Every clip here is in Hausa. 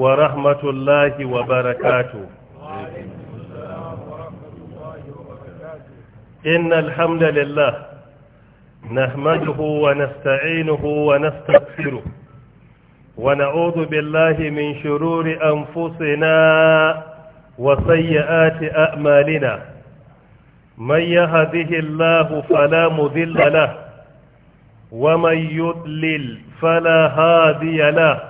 ورحمة الله وبركاته إن الحمد لله نحمده ونستعينه ونستغفره ونعوذ بالله من شرور أنفسنا وسيئات أعمالنا من يهده الله فلا مذل له ومن يضلل فلا هادي له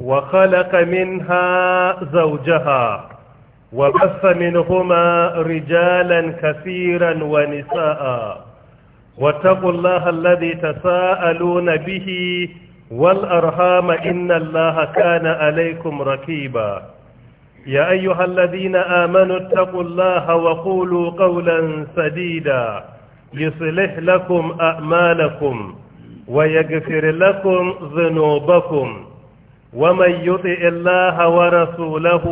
وخلق منها زوجها وبث منهما رجالا كثيرا ونساء واتقوا الله الذي تساءلون به والأرحام إن الله كان عليكم ركيبا يا أيها الذين آمنوا اتقوا الله وقولوا قولا سديدا يصلح لكم أعمالكم ويغفر لكم ذنوبكم ومن يطع الله ورسوله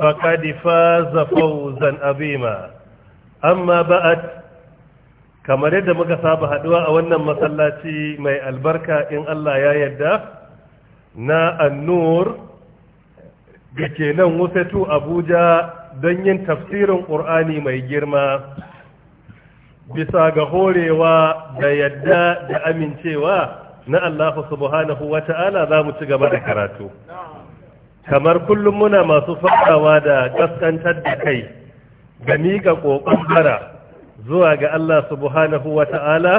فقد فاز فوزا عظيما اما بعد kamar yadda muka saba haduwa a wannan masallaci mai albarka in Allah ya yarda na annur da kenan nan abuja don yin tafsirin ƙur'ani mai girma bisa ga horewa da yadda da amincewa na Allah subhanahu wa ta'ala za mu ci gaba da karatu kamar kullum muna masu fadawa da kaskantar da kai ga miƙa ƙoƙon bara zuwa ga Allah subhanahu wa ta'ala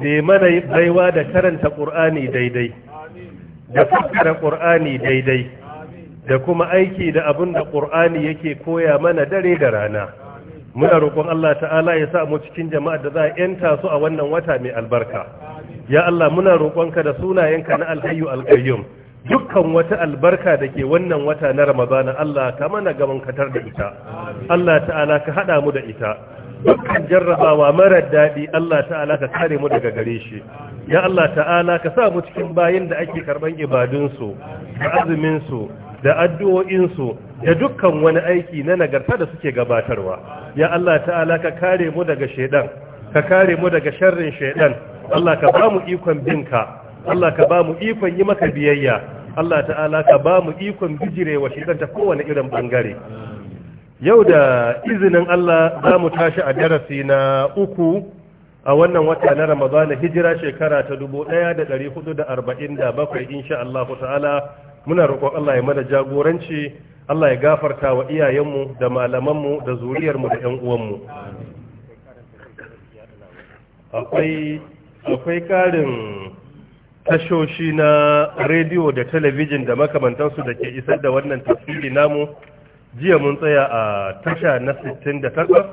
da mana baiwa da karanta ƙur'ani daidai da fassara ƙur'ani daidai da kuma aiki da abin da ƙur'ani yake koya mana dare da rana muna roƙon Allah ta'ala ya sa mu cikin jama'a da za a yanta su a wannan wata mai albarka ya Allah muna roƙonka da sunayenka na alhayyu alƙayyum dukkan wata albarka da ke wannan wata na ramadana Allah ka mana gaban katar da ita Allah ta'ala ka haɗa mu da ita dukkan jarrabawa marar daɗi Allah ta'ala ka kare mu daga gare shi ya Allah ta'ala ka sa mu cikin bayin da ake karɓan ibadunsu da azuminsu da addu'o'insu da dukkan wani aiki na nagarta da suke gabatarwa ya Allah ta'ala ka kare mu daga shaidan ka kare mu daga sharrin shaidan Allah ka ba mu ikon binka Allah ka ba mu ikon yi maka biyayya Allah ta'ala ka ba mu ikon bijirewa shi ta kowane irin bangare yau da izinin Allah za mu tashi a darasi na uku a wannan wata na Ramadana hijira shekara ta dubu ɗaya da da da ɗari arba'in 1447 insha Allah ta'ala muna roƙon Allah ya mana jagoranci Allah ya gafarta wa iyayenmu da malamanmu da zuriyarmu da 'yan uwanmu akwai akwai ƙarin tashoshi na rediyo da talabijin da makamantansu da ke isar da wannan tafsiri namu jiya mun tsaya a tasha na 68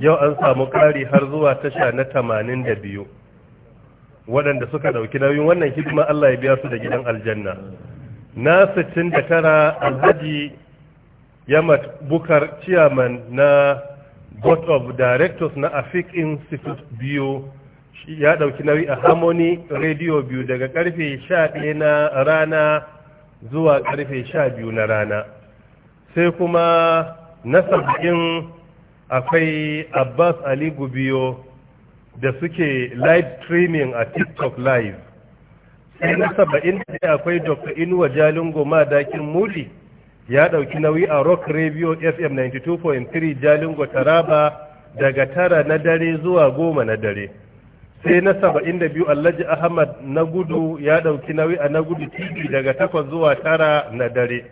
yau an samu kari har zuwa tasha na 82 waɗanda suka ɗauki nauyin wannan hidima Allah ya biya su da gidan aljanna na 69 alhaji yamat bukar chairman na board of directors na afik institute biyu ya ɗauki nauyi a harmony radio biyu daga karfe 11 na rana zuwa karfe 12 na rana sai kuma na sabbin akwai abbas ali gubiyo da suke live streaming a tiktok live sai na saba'in da akwai dr inuwa jalingo madakin muli ya ɗauki nauyi a rock radio fm 92.3 jalingo taraba daga tara na dare zuwa goma na dare sai na saba'in da biyu alhaji ahmad na gudu ya ɗauki nauyi a na gudu tv daga takwas zuwa tara na dare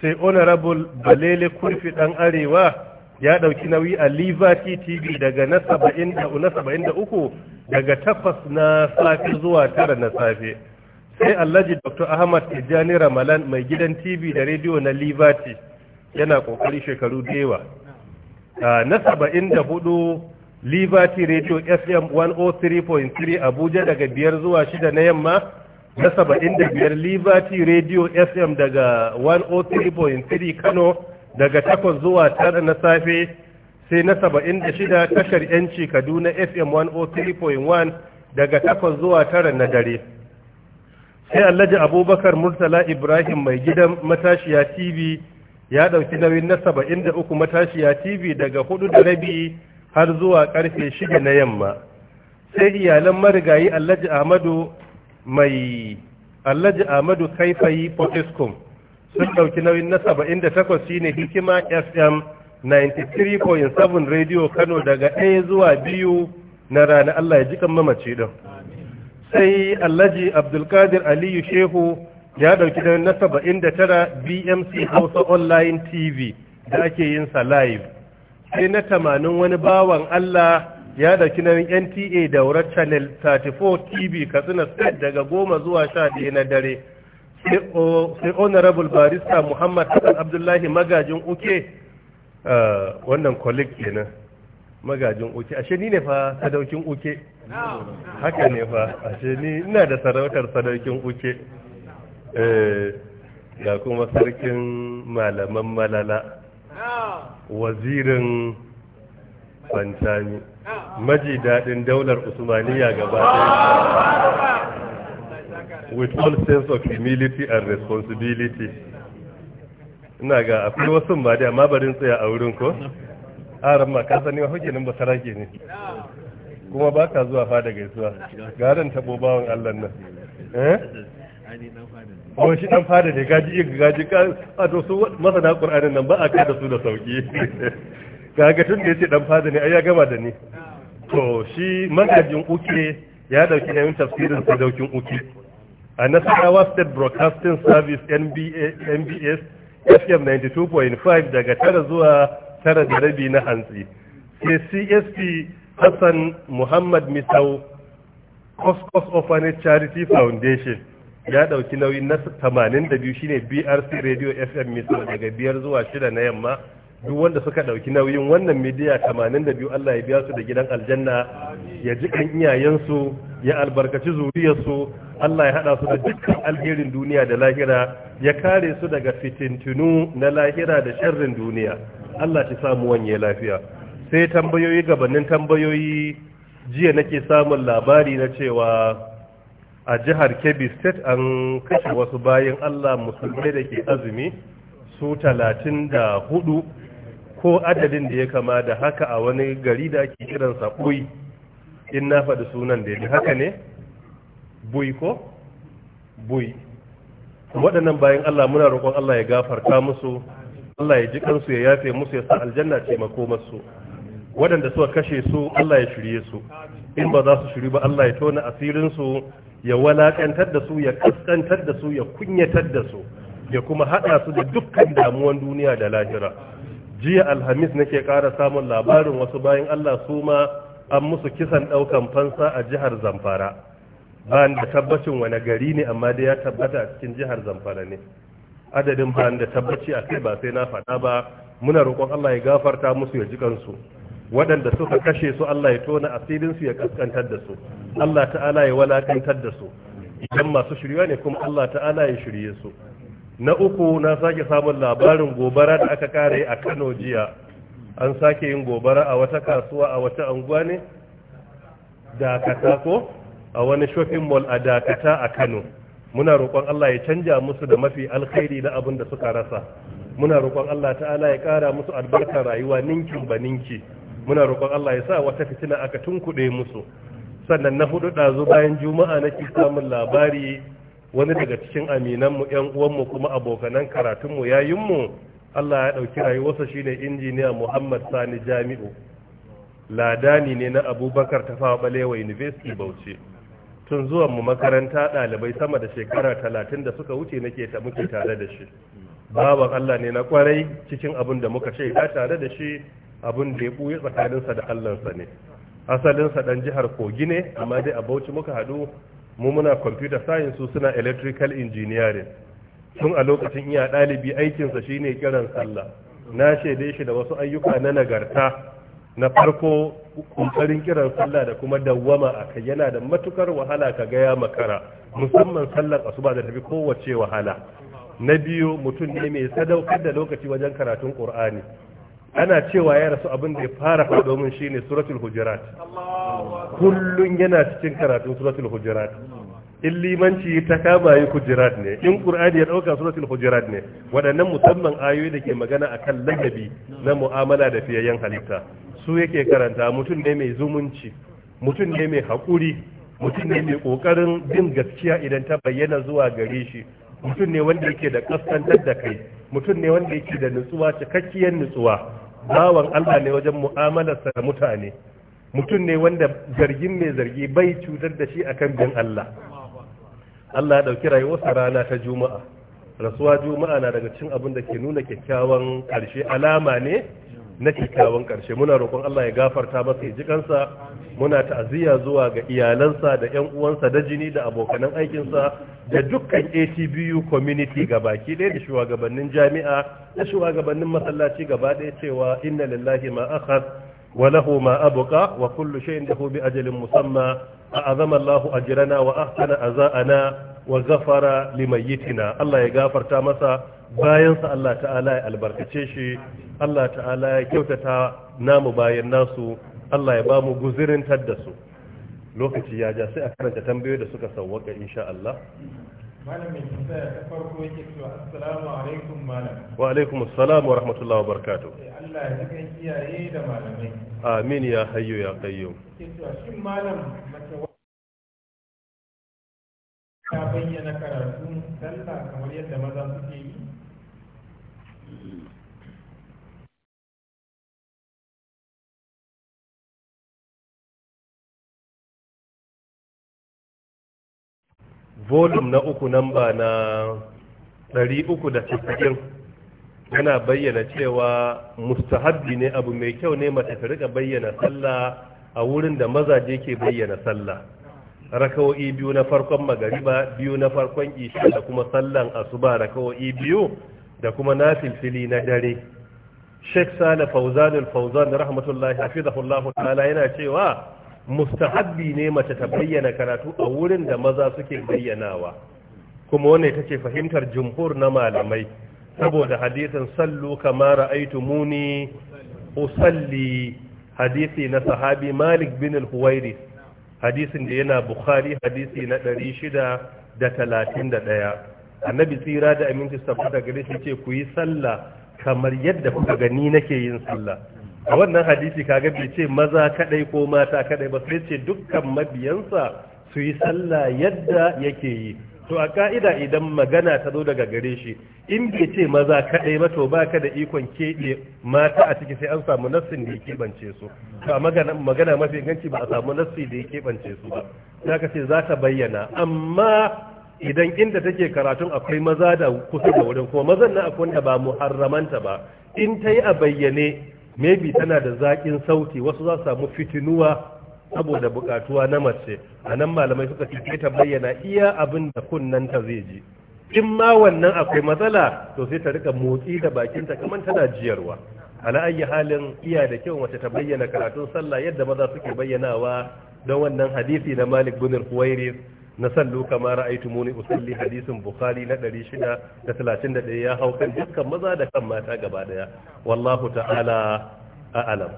sai honorable balele kurfi ɗan arewa ya ɗauki nauyi a liberty tv daga na saba'in da saba'in da uku daga takwas na safe zuwa tara na safe sai alhaji dr ahmad tijjani ramalan mai gidan tv da rediyo na liberty yana ƙoƙari shekaru da yawa ah, na saba'in da hudu liberty radio fm 103.3 abuja daga biyar zuwa shida na yamma na saba'in da biyar liberty radio fm daga 103.3 kano daga takwas zuwa tara na safe sai na saba'in da shida tashar yanci kaduna fm 103.1 daga takwas zuwa tara na dare sai alhaji abubakar murtala ibrahim mai gidan matashiya tv ya ɗauki nauyin na saba'in da uku matashiya tv daga hudu da rabi har zuwa karfe shida na yamma sai iyalan marigayi alhaji ahmadu mai alhaji ahmadu kaifayi potiskum sun ɗauki nauyin na 78 shine hikima fm 93.7 radio kano daga ɗaya zuwa biyu na rana allah ya ji kan mamaci ɗin sai alhaji abdulkadir aliyu shehu ya ɗauki nauyin na 79 bmc hausa online tv da ake yin sa live sai na tamanin wani bawan Allah ya dauki na NTA daura channel 34 TV Katsina State daga goma zuwa sha ɗaya na dare sai honorable barista Muhammad Hassan Abdullahi magajin uke uh, wannan colleague kenan magajin uke ashe ni ne fa sadaukin uke haka ne fa ashe ni ina da sarautar sadaukin uke eh, ga kuma sarkin malaman malala wazirin Bantani, maji daɗin daular usmaniya gaba with all sense of humility and responsibility ina ga akwai wasu ba da amma barin tsaya a wurin ko aran ma ka sani hukke nan sarake ne kuma ba ka zuwa fada gaisuwa garan tabo bawon Allah nan eh ko shi dan fada ne gaji ga gaji ka a to su masana qur'anin nan ba a kada su da sauki kaga tun da yace dan fada ne ai ya gama da ni to shi magajin uke ya dauki nayin tafsirin sa daukin uke a nasarawa state broadcasting service nba nbs fm 92.5 daga tara zuwa tara da rabi na hantsi sai csp hassan muhammad misau Coscos of Charity Foundation ya ɗauki nauyi na 82 shine brc radio fm misal daga biyar zuwa shida na yamma duk wanda suka ɗauki nauyin wannan midiya 82 allah ya biya su da gidan aljanna ya ji kan iyayensu ya albarkaci zuriyarsu allah ya haɗa su da dukkan alherin duniya da lahira ya kare su daga fitintunu na lahira da sharrin duniya allah ci samu wanye lafiya sai tambayoyi gabanin tambayoyi jiya nake samun labari na cewa a jihar kebbi state an kashe wasu bayan allah musulmai da ke azumi su talatin da hudu ko adadin da ya kama da haka a wani gari da ake kiransa bui in na faɗi sunan da ya haka ne bui ko bui waɗannan bayan allah muna roƙon allah ya gafarta musu allah ya ji kansu ya yafe musu ya sa aljanna taimako makomarsu waɗanda suka kashe su allah ya shirye su in ba za su shiru ba Allah ya tona asirin su ya walakantar da su ya kaskantar da su ya kunyatar da su ya kuma hada su da dukkan damuwan duniya da lahira jiya alhamis nake kara samun labarin wasu bayan Allah su ma an musu kisan ɗaukan fansa a jihar Zamfara ban da tabbacin wani gari ne amma dai ya tabbata a cikin jihar Zamfara ne adadin ban da tabbaci a kai ba sai na faɗa ba muna roƙon Allah ya gafarta musu ya ji kansu waɗanda suka kashe su Allah ya tona asirin su ya kaskantar da su Allah ta'ala ya walakantar da su idan masu shirya ne kuma Allah ta'ala ya shirye su na uku na sake samun labarin gobara da aka kare a Kano jiya an sake yin gobara a wata kasuwa a wata anguwa ne dakata ko a wani shopping mall a dakata a Kano muna roƙon Allah ya canja musu da mafi alkhairi na abin da suka rasa muna roƙon Allah ta'ala ya ƙara musu albarkar rayuwa ninkin ba ninki muna roƙon Allah ya sa wata fitina aka tunkuɗe musu sannan na hudu ɗazu bayan juma'a nake samun labari wani daga cikin aminanmu yan uwanmu kuma abokanan karatunmu yayinmu Allah ya ɗauki rayuwarsa shine injiniya Muhammad Sani Jami'u ladani ne na Abubakar fawa Balewa University Bauchi tun zuwan mu makaranta ɗalibai sama da shekara talatin da suka wuce nake ta muke tare da shi baban Allah ne na kwarai cikin abin da muka shaida tare da shi abin da ya buya tsakaninsa da allansa ne asalinsa dan jihar kogi ne amma dai a bauchi muka haɗu mu muna computer science suna electrical engineering tun a lokacin iya ɗalibi aikinsa shine kiran sallah na shaide shi da wasu ayyuka na nagarta na farko kumfarin kiran sallah da kuma dawwama a kai yana da matukar wahala ka gaya makara musamman sallar asuba da tafi kowace wahala na biyu mutum ne mai sadaukar da lokaci wajen karatun ƙur'ani ana cewa ya rasu abin da ya fara faɗo min shine suratul hujurat kullun yana cikin karatun suratul hujurat in limanci ta kama yi hujurat ne in qur'ani ya dauka suratul hujurat ne waɗannan musamman ayoyi da ke magana akan ladabi na mu'amala da fiyayyen halitta su yake karanta mutum ne mai zumunci mutum ne mai haƙuri mutum ne mai ƙoƙarin bin gaskiya idan ta bayyana zuwa gare shi mutum ne wanda yake da kaskantar da kai mutum ne wanda yake da nutsuwa cikakkiyar nutsuwa bawan Allah ne wajen mu'amalarsa da mutane mutum ne wanda zargin mai zargi bai cutar da shi akan bin Allah Allah ya dauki rayuwarsa rana ta juma'a rasuwa juma'a na daga cikin abin da ke nuna kyakkyawan karshe alama ne na kyakkyawan karshe muna roƙon Allah ya gafarta masa ya ji muna ta'aziyya zuwa ga iyalansa da 'yan uwansa da jini da abokanan aikinsa da dukkan ATBU community baki ɗaya da shugabannin jami'a da shugabannin masallaci gaba ɗaya cewa inna lillahi ma akhad wa lahu ma abqa wa kullu shay'in lahu bi ajalin musamma a'azama Allahu ajrana wa ahsana azana wa ghafara limayyitina Allah ya gafarta masa bayan sa Allah ta'ala ya albarkace shi Allah ta'ala ya kyautata namu bayan nasu Allah ya ba mu guzirin da su lokaci ya ja sai a karanta tambayoyi da suka sauwaka insha Allah malamin tambaya ta farko yake cewa assalamu alaikum malam wa alaikum assalam wa rahmatullahi wa barakatuh eh, Allah ya duka iyaye da malamai amin ya hayyu ya qayyum cewa shin malam mace ta bayyana karatu sallah kamar yadda maza suke yi volume na uku namba na 390 yana bayyana cewa mustahabbi ne abu mai kyau ne mace ta rika bayyana sallah a wurin da mazaje ke bayyana sallah rakawo'i biyu na farkon magariba biyu na farkon isha da kuma sallan asuba rakawo'i biyu da kuma na filfili na dare Sheikh salafauzanul Fauzan fauzan rahmatullahi hafizahullahu ta'ala yana cewa mustahabbi ne mace ta bayyana karatu a wurin da maza suke bayyanawa kuma wannan ita ce fahimtar jumhur na malamai saboda hadisin sallu kama ra'aytumuni usalli hadisi na sahabi Malik bin al-Huwairi hadisin da yana Bukhari hadisi na 631 annabi tsira da aminci saboda gare shi ce ku yi sallah kamar yadda kuka gani nake yin sallah a wannan hadisi kaga bai ce maza kadai ko mata kadai ba sai ce dukkan mabiyansa su yi sallah yadda yake yi to a ka'ida idan magana ta zo daga gare shi in bai ce maza kadai ba to ba ka da ikon keɓe mata a ciki sai an samu nassin da ya keɓance su to a magana mafi inganci ba a samu nassi da ya keɓance su ba za ka ce za ta bayyana amma idan inda take karatun akwai maza da kusa da wurin kuma mazan na akwai wanda ba muharramanta ba in ta yi a bayyane maybe tana da zaƙin sauti wasu za su samu fitinuwa saboda buƙatuwa na mace a nan malamai suka ce ta bayyana iya abin da ta zai je in ma wannan akwai matsala to sai ta rika motsi da bakinta kamar tana jiyarwa ala ayi halin iya da kyau mace ta bayyana karatun sallah yadda maza suke bayyanawa don wannan hadisi na Malik bin Huwairis na sallu kamar ra'aitu muni usalli hadisin bukhari na 631 ya hau kan dukkan maza da kan mata gaba daya wallahu ta'ala a'lam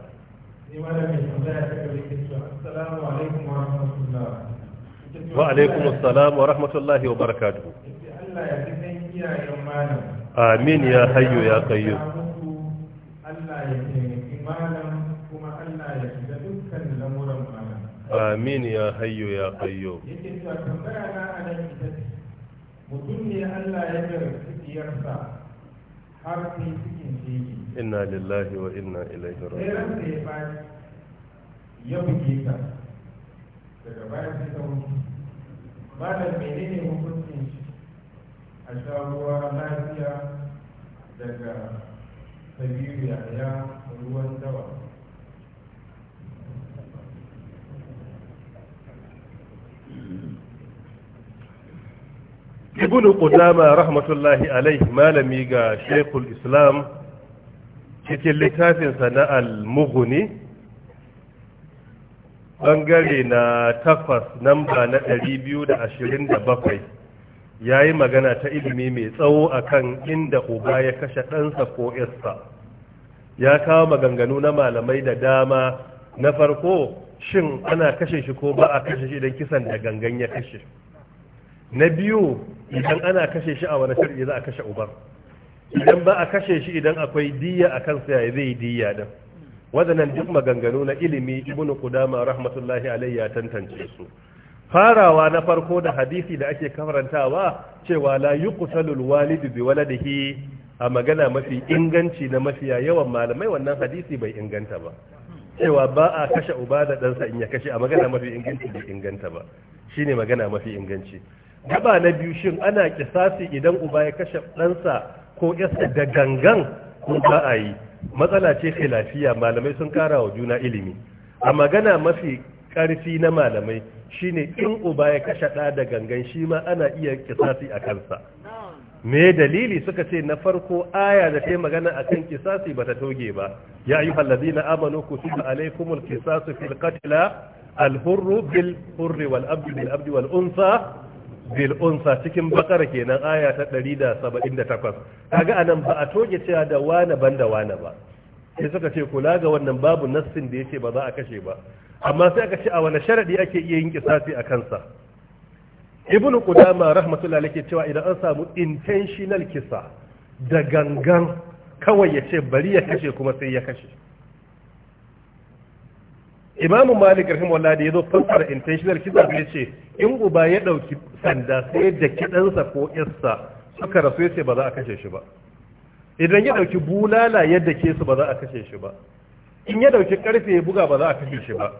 wa alaikum assalam wa rahmatullahi wa barakatuh amin ya hayyu ya qayyum Allah ya taimaki malam amin ya hayyo ya hayyo mutum ne Allah ya garfi diyarsa har sai cikin shege inna lillahi wa inna ilaihi raji'un sai ya ya buge ka daga baya sai ta mutu malam menene hukuncin a sha lafiya daga sabiru ya ruwan dawa ibn qudama rahmatullahi alaihi malami ga shekul islam cikin littafinsa na al-mughni bangare na takwas namba na 227 ya yi magana ta ilimi mai tsawo akan inda uba ya kashe ɗansa ko yasa ya kawo maganganu na malamai da dama na farko shin ana kashe shi ko ba a kashe shi idan kisan da gangan ya kashe na biyu idan ana kashe shi a wani shari'i za a kashe ubar idan ba a kashe shi idan akwai diya a kansa ya zai diya din wadannan duk maganganu na ilimi ibnu qudama rahmatullahi alayhi ya tantance su farawa na farko da hadisi da ake karantawa cewa la yuqtalu alwalidu bi waladihi a magana mafi inganci na mafiya yawan malamai wannan hadisi bai inganta ba cewa ba a kashe uba da ɗansa in ya kashe a magana mafi inganci bai inganta ba shine magana mafi inganci gaba na biyu shin ana kisasi idan uba ya kashe ɗansa ko yasa da gangan ko ba a yi matsala ce khilafiya malamai sun kara wa juna ilimi a magana mafi ƙarfi na malamai shine in uba ya kashe ɗa da gangan shi ma ana iya kisasi a kansa me dalili suka ce na farko aya da ta yi magana a kan kisasi ba ta toge ba ya yi hallazi na amano ku su alaikumul kisasu fil alhurru bil hurri wal abdi bil abdi unsa bil unsa cikin bakara kenan aya ta 178 kaga anan ba a toge cewa da wane banda wane ba sai suka ce kula ga wannan babu nassin da yake ba za a kashe ba amma sai aka ce a wani sharadi ake iya yin kisasi a kansa ibn qudama rahmatullahi alayhi cewa idan an samu intentional kisa da gangan kawai yace bari ya kashe kuma sai ya kashe imamu malik rahim wallah da ya zo fassara intentional kisa ya ce in uba ya ɗauki sanda sai da kiɗansa ko yarsa suka rasu ya ce ba za a kashe shi ba idan ya ɗauki bulala yadda ke su ba za a kashe shi ba in ya ɗauki ƙarfe ya buga ba za a kashe shi ba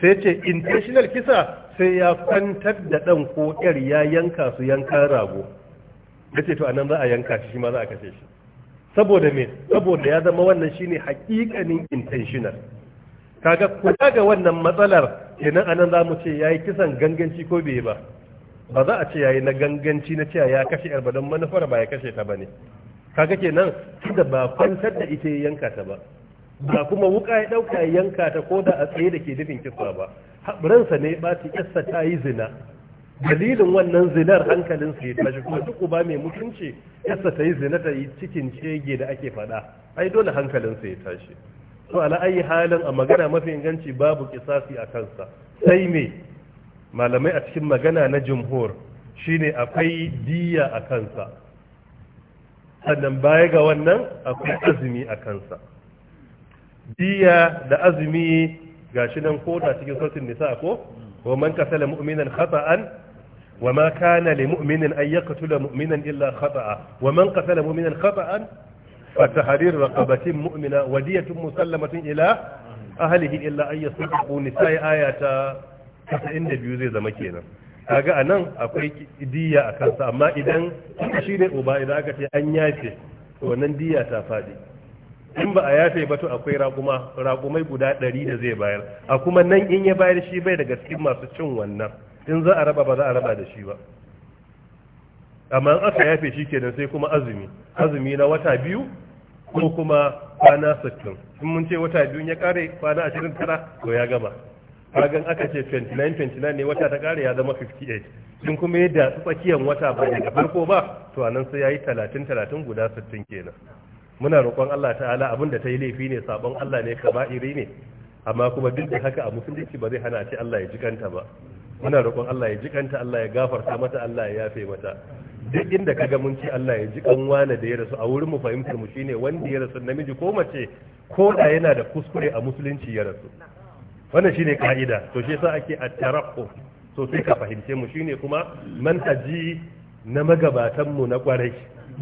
sai ce intentional kisa sai ya kwantar da ɗan ko ƴar ya yanka su yanka rago ya ce to anan za a yanka shi ma za a kashe shi saboda me saboda ya zama wannan shine haƙiƙanin intentional kaga kula ga wannan matsalar kenan anan za mu ce yayi kisan ganganci ko bai ba ba za a ce yayi na ganganci na cewa ya kashe yar don manufar ba ya kashe ta bane kaga kenan tunda ba kwantar da ita ya yanka ta ba ba kuma wuka ya dauka ya yanka ta ko da a tsaye da ke dafin kisa ba ransa ne ba ta kissa ta yi zina dalilin wannan zinar hankalinsa ya tashi kuma duk uba mai mutunci kissa ta yi zina ta cikin shege da ake faɗa ai dole hankalinsa ya tashi to ala ayi halin a magana mafi inganci babu kisasi a kansa sai me malamai a cikin magana na jumhur shine akwai diya a kansa sannan baya ga wannan akwai azumi a kansa diya da azumi gashi nan koda cikin sautin nisa ko wa man kasala mu'minan khata'an wa ma kana li mu'minin an yaqtula mu'minan illa khata'a wa man qatala mu'minan khata'an فتحرير رقبة مؤمنة ودية مسلمة إلى أهله إلا أن يصدقوا نساء آية 92 zai zama kenan kaga anan akwai diyya a kansa amma idan shi ne uba idan aka ce an yafe to wannan diyya ta faɗi in ba a yafe ba to akwai raƙuma guda ɗari da zai bayar a kuma nan in ya bayar shi bai daga cikin masu cin wannan in za a raba ba za a raba da shi ba amma in aka yafe shi kenan sai kuma azumi azumi na wata biyu ko kuma kwana sittin? in mun ce wata biyu ya kare kwana 29 to ya gama kagan aka ce 29 29 ne wata ta kare ya zama 58 in kuma yadda tsakiyar wata ba daga farko ba to anan sai yayi 30 30 guda 60 kenan muna roƙon Allah ta'ala abin da ta yi laifi ne sabon Allah ne kaba'iri ne amma kuma duk da haka a musulunci ba zai hana ce Allah ya jikanta ba muna roƙon Allah ya jikanta Allah ya gafarta mata Allah ya yafe mata duk inda kaga mun ce Allah ya ji kanwana da ya rasu a wurin mu fahimtar mu shine wanda ya rasu namiji ko mace ko da yana da kuskure a musulunci ya rasu wannan shine ka'ida to shi yasa ake at-taraqqu so sai ka fahimce mu shine kuma manhaji na magabatan mu na kwarai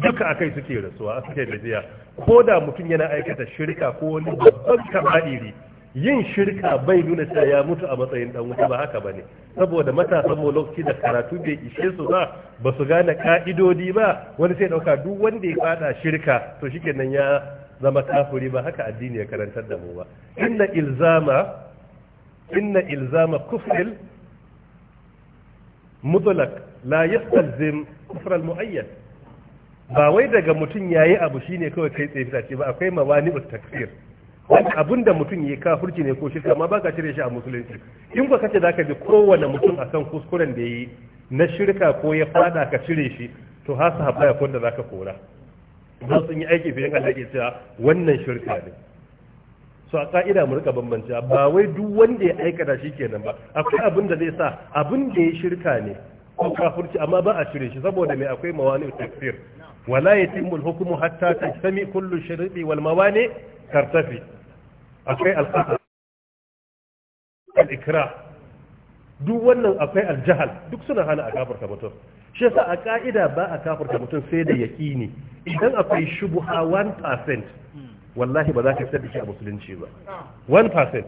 duka akai suke rasuwa suke jiya ko da mutum yana aikata shirka ko wani babban kaba'iri yin shirka bai nuna cewa ya mutu a matsayin dan wuta ba haka bane saboda matasan mu lokaci da karatu bai ishe su ba ba su gane ka'idodi ba wani sai dauka duk wanda ya fada shirka to shikenan ya zama kafiri ba haka addini ya karantar da mu ba inna ilzama inna ilzama kufril mutlaq la yastalzim kufra al ba wai daga mutum yayi abu shine kawai kai tsaye ba akwai mawani'ut takfir wanda abin da mutum ya kafirci ne ko shirka amma ba ka cire shi a musulunci in ka kace zaka bi kowane mutum akan kuskuren da ya yi na shirka ko ya fada ka cire shi to ha su ya ko da ka kora Za sun yi aiki fiye Allah ke cewa wannan shirka ne su a ƙa'ida mu rika bambanci ba wai duk wanda ya aikata shi kenan ba akwai abin da zai sa abin da ya shirka ne ko kafirci amma ba a cire shi saboda mai akwai mawani takfir wala yatimul hukmu hatta tajtami kullu sharidi wal mawani Kartafi akwai alƙasa al'ikra duk wannan akwai aljahal duk suna hana a kafurka mutum shi sa a ƙa'ida ba a kafurka mutum sai da yaƙini idan akwai ha 1% wallahi ba za ka sayar shi a musulunci ba 1%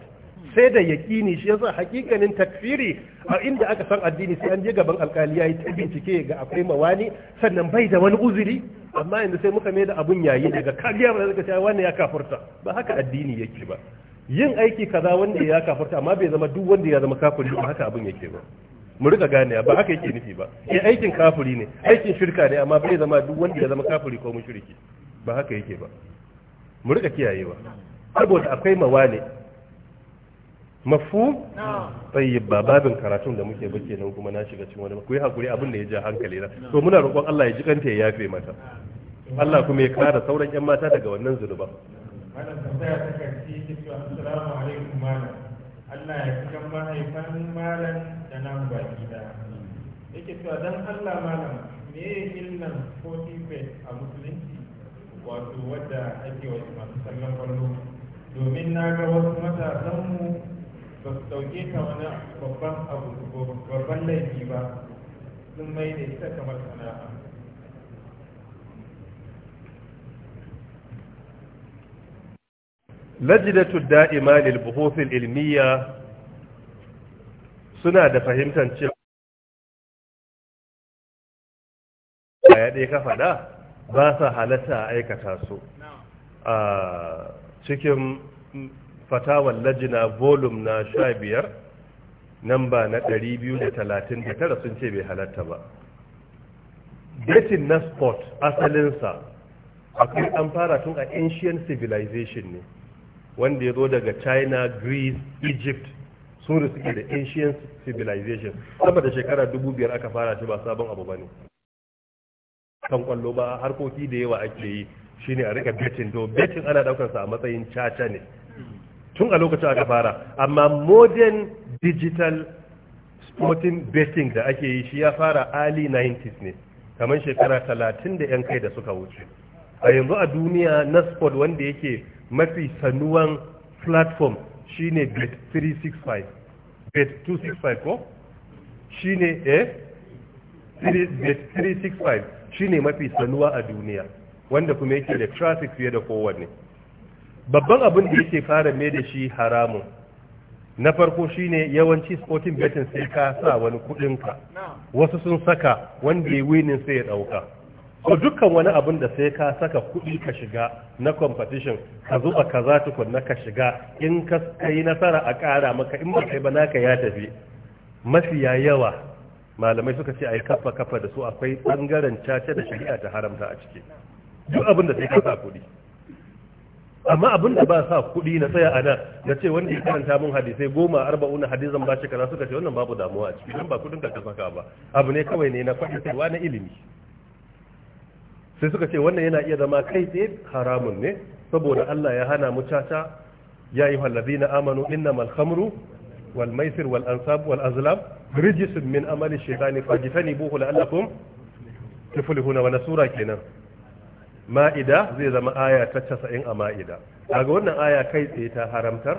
sai da yaƙini shi yasa hakikanin takfiri a inda aka san addini sai an je gaban alkali yi ta bincike ga akwai mawani sannan bai da wani uzuri amma yanzu sai muka mai da abun yayi daga kariya ba zaka ce wannan ya kafurta ba haka addini yake ba yin aiki kaza wanda ya kafurta amma bai zama duk wanda ya zama kafiri ba haka abun yake ba mu rika gane ba haka yake nufi ba eh aikin kafiri ne aikin shirka ne amma bai zama duk wanda ya zama kafiri ko mushriki ba haka yake ba mu rika kiyayewa saboda akwai mawali mafu tsayyib ba babin karatun da muke bake nan kuma na shiga cikin wani ku yi hakuri abin da ya ja hankali na to muna roƙon Allah ya ji kanta ya yafe mata Allah kuma ya kara sauran ƴan mata daga wannan zunuba wannan tambaya ta kanti ki assalamu alaikum malam Allah ya kan mahaifan malam da nan baki da yake cewa dan Allah malam me illan 40 a musulunci wato wadda ake wasu masu sallan kwallo domin na ga wasu matasanmu ba su dauke ta wani babban abu babban laifi ba sun mai da ita kamar sana'a lajidatu da'ima للبحوث buhuthil ilmiya suna da fahimtar cewa ya ɗaya ka faɗa ba sa halatta aikata su cikin fatawar lajina volum na sha biyar namba na ɗari da da talatin tara sun ce bai halatta ba datin na spot asalinsa akwai an fara tun a ancient civilization ne wanda ya zo daga china greece egypt sun da suke da ancient civilization sama da shekara dubu biyar aka fara ci ba sabon abu ba ne kan kwallo ba harkoki da yawa ake yi shine a rika betin to betin ana daukarsa a matsayin caca ne tun a lokacin aka fara amma modern digital sporting betting da ake yi shi ya fara early 90s ne kamar shekara talatin da 'yan kai da suka wuce a yanzu a duniya na sport wanda yake mafi sanuwan platform shine bet 365 bet 265 ko shine eh bet 365 shine mafi sanuwa a duniya wanda kuma yake da traffic fiye da kowanne babban abin da yake fara mai da shi haramun na farko shine yawanci sporting betting sai ka sa wani kudinka wasu sun saka wanda ya winin sai ya dauka so dukkan wani abin da sai ka saka kudi ka shiga na competition ka zuba kaza tukun na ka shiga in ka kai nasara a kara maka in ba kai ba naka ya tafi mafiya yawa malamai suka ce ai kafa kafa da su akwai bangaren caca da shari'a ta haramta a ciki duk abin da sai ka sa kudi amma abin da ba sa kuɗi na tsaya nan, na ce wanda ya karanta mun hadisai goma na hadisan ba shi suka ce wannan babu damuwa a ciki don ba kuɗin ka saka ba abu ne kawai ne na kwaɗitarwa na ilimi sai suka ce wannan yana iya zama kai tsaye haramun ne saboda Allah ya hana mu caca ya yi hallabi na amanu inna malhamru wal maisir wal ansab wal azlam rijisun min amali shaitani fajitani buhu la'allakum tuflihuna wani nasura kenan ma'ida zai zama aya ta casa'in a ma'ida daga wannan aya kai tsaye ta haramtar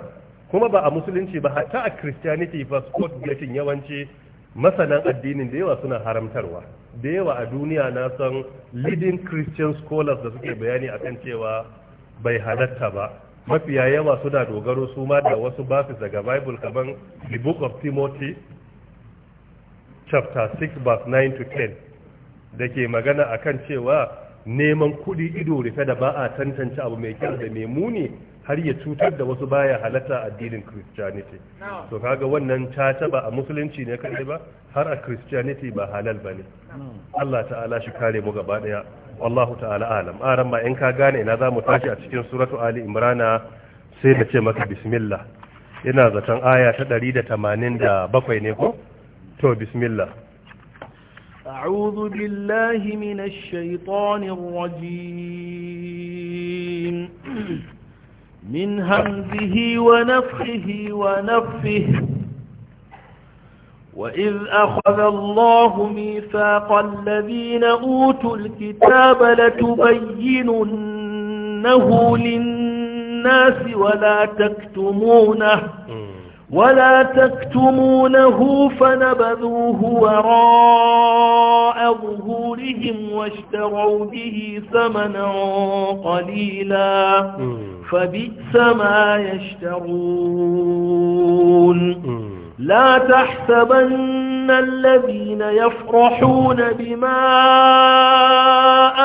kuma ba a musulunci ba hatta a christianity ba sport gashin yawanci masanan addinin da yawa suna haramtarwa da yawa a duniya na san leading christian scholars da suke bayani akan cewa bai halatta ba mafiya yawa suna dogaro su ma da wasu basis daga bible kaman the book of timothy chapter 6 verse 9 to 10 da ke magana akan cewa neman kuɗi ido rufe da ba a tantance abu mai kyau da mai muni har ya cutar da wasu baya halatta addinin christianity to kaga wannan caca ba a musulunci ne kai ba har a christianity ba halal bane Allah ta'ala shi kare mu gaba daya wallahu ta'ala alam aran ma in ka gane ina zamu tashi a cikin suratu ali imrana sai da ce maka bismillah ina zaton aya ta 187 ne ko to bismillah أعوذ بالله من الشيطان الرجيم من همزه ونفخه ونفه وإذ أخذ الله ميثاق الذين أوتوا الكتاب لتبيننه للناس ولا تكتمونه ولا تكتمونه فنبذوه وراء ظهورهم واشتروا به ثمنا قليلا فبئس ما يشترون لا تحسبن الذين يفرحون بما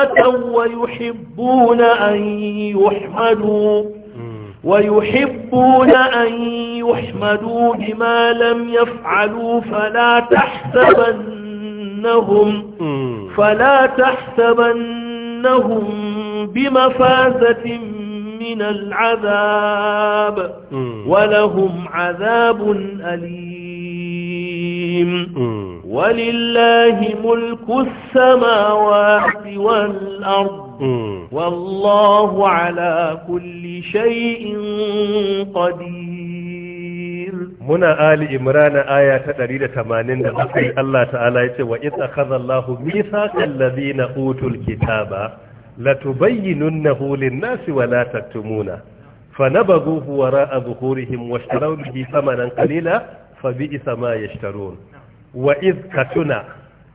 أتوا ويحبون أن يحمدوا ويحبون أن يحمدوا بما لم يفعلوا فلا تحسبنهم فلا تحسبنهم بمفازة من العذاب ولهم عذاب أليم ولله ملك السماوات والأرض والله على كل شيء قدير منا آل إمران آية تدريد تمانين أخي الله تعالى يتوى وإذ أخذ الله ميثاق الذين أوتوا الكتاب لتبيننه للناس ولا تكتمونه فنبذوه وراء ظهورهم واشتروا به ثمنا قليلا فبئس ما يشترون wa iska tuna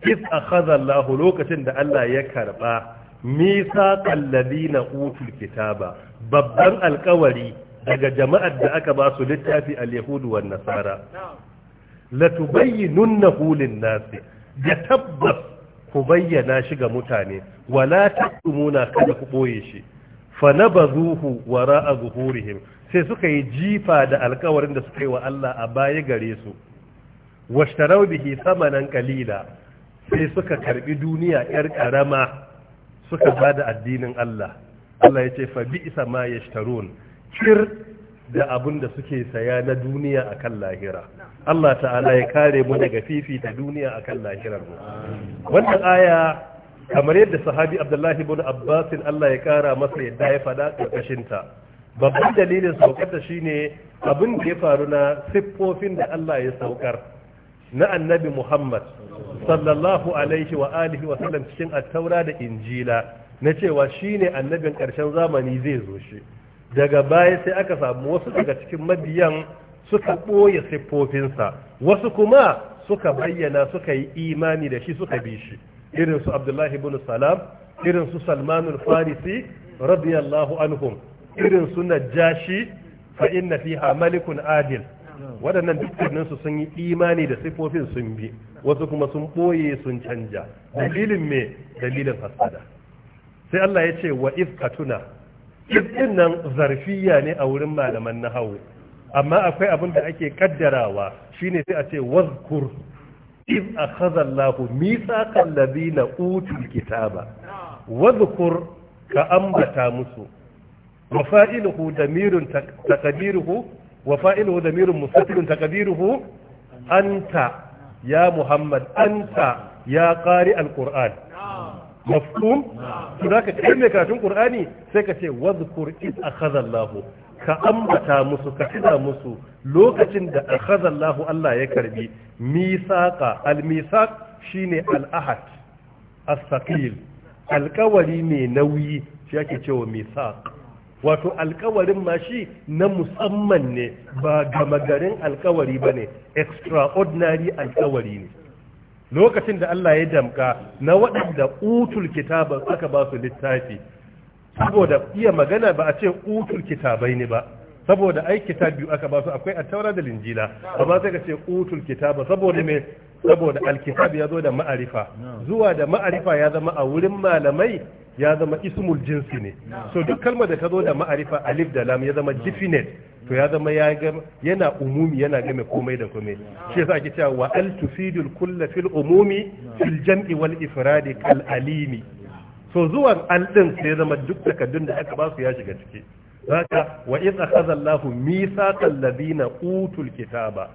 iska akhadha lokacin da Allah ya karba misaqal na utul kitaba babban alkawari daga jama'ar da aka ba su littafi al-yahudu wan nasara la tubayyinunahu lin-nasi ya tabbas ku bayyana shi ga mutane wala taqumuna kada ku boye shi fa nabazuhu wara'a zuhurihim sai suka yi jifa da alkawarin da suka yi wa Allah a baya gare su washtarau bihi samanan kalila sai suka karbi duniya yar karama suka bada addinin Allah Allah ya ce fa bi isa ma yashtarun kir da abin da suke saya na duniya akan lahira Allah ta'ala ya kare mu daga fifita duniya akan lahirar mu wannan aya kamar yadda sahabi Abdullahi ibn Abbas Allah ya kara masa yadda ya fada karkashin ta babban dalilin saukar ta shine abin da ya faru na siffofin da Allah ya saukar na annabi Muhammad sallallahu alaihi wa alihi wa sallam cikin attaura da injila na cewa shine annabin ƙarshen zamani zai zo shi daga baya sai aka samu wasu daga cikin mabiyan suka ɓoye siffofinsa wasu kuma suka bayyana suka yi imani da shi suka bi shi irin su abdullahi ibn salam irin su salmanul farisi radiyallahu anhum irin su najashi fa inna fiha malikun adil waɗannan dukkanin su sun yi imani da sifofin sun bi wasu kuma sun ɓoye sun canja dalilin me dalilin hasada sai Allah ya ce wa if katuna iz nan zarfiya ne a wurin malaman na hau. amma akwai abin da ake kaddarawa shine sai a ce wazkur iz akhadha Allahu mithaqal ladina utul kitaba wazkur ka ambata musu mafa'iluhu damirun taqdiruhu wa fa'iluhu damirun mustatirun taqdiruhu anta ya muhammad anta ya ƙari Alƙur'an. mafhum to da ka kai mai karatun sai ka ce wadhkur id akhadha allah ka ambata musu ka tuna musu lokacin da akhadha allah allah ya karɓi. Misaƙa, al misaq shine al ahad as alkawari mai nauyi shi ake cewa misaq wato alkawarin ma shi na musamman ne ba gama garin alkawari ba ne extraordinary alkawari ne lokacin da Allah ya damka na waɗanda utul kitaban aka ba su littafi saboda iya magana ba a ce utul kitabai ne ba saboda ai kitab biyu aka ba su akwai attaura da linjila amma sai ka ce utul kitaba saboda me saboda alkitab ya zo da ma'arifa zuwa da ma'arifa ya zama a wurin malamai ya zama ismul jinsi ne so duk kalma da ta zo da ma'arifa alif da lam ya zama definite to ya zama ya yana umumi yana game komai da komai shi yasa ake cewa wa al tufidul kull fil umumi fil jam'i wal ifradi kal alimi so zuwan al din sai zama duk takaddun da aka ba su ya shiga ciki haka wa idh akhadha Allahu mithaqal ladina utul kitaba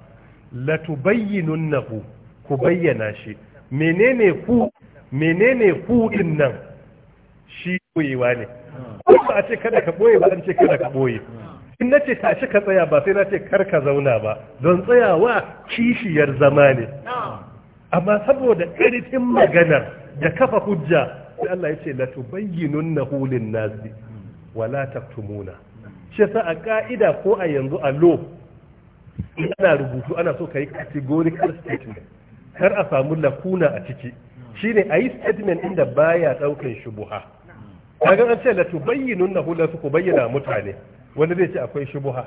latubayyinunnahu ku bayyana shi menene ku menene ku din nan boyewa ne ba a ce kada ka boye ba an ce kada ka boye in na ce tashi ka tsaya ba sai na ce kar ka zauna ba don tsayawa kishiyar zama ne amma saboda ƙarfin maganar da kafa hujja sai Allah ya ce latubayyinun na hulin nazi wala taktumuna shi sa a ka'ida ko a yanzu a lo ana rubutu ana so ka yi categorical statement kar a samu lakuna a ciki shine yi statement inda baya ɗaukan shubuha kaga an ce la tubayyinunnahu la ku bayyana mutane wani zai ce akwai shubuha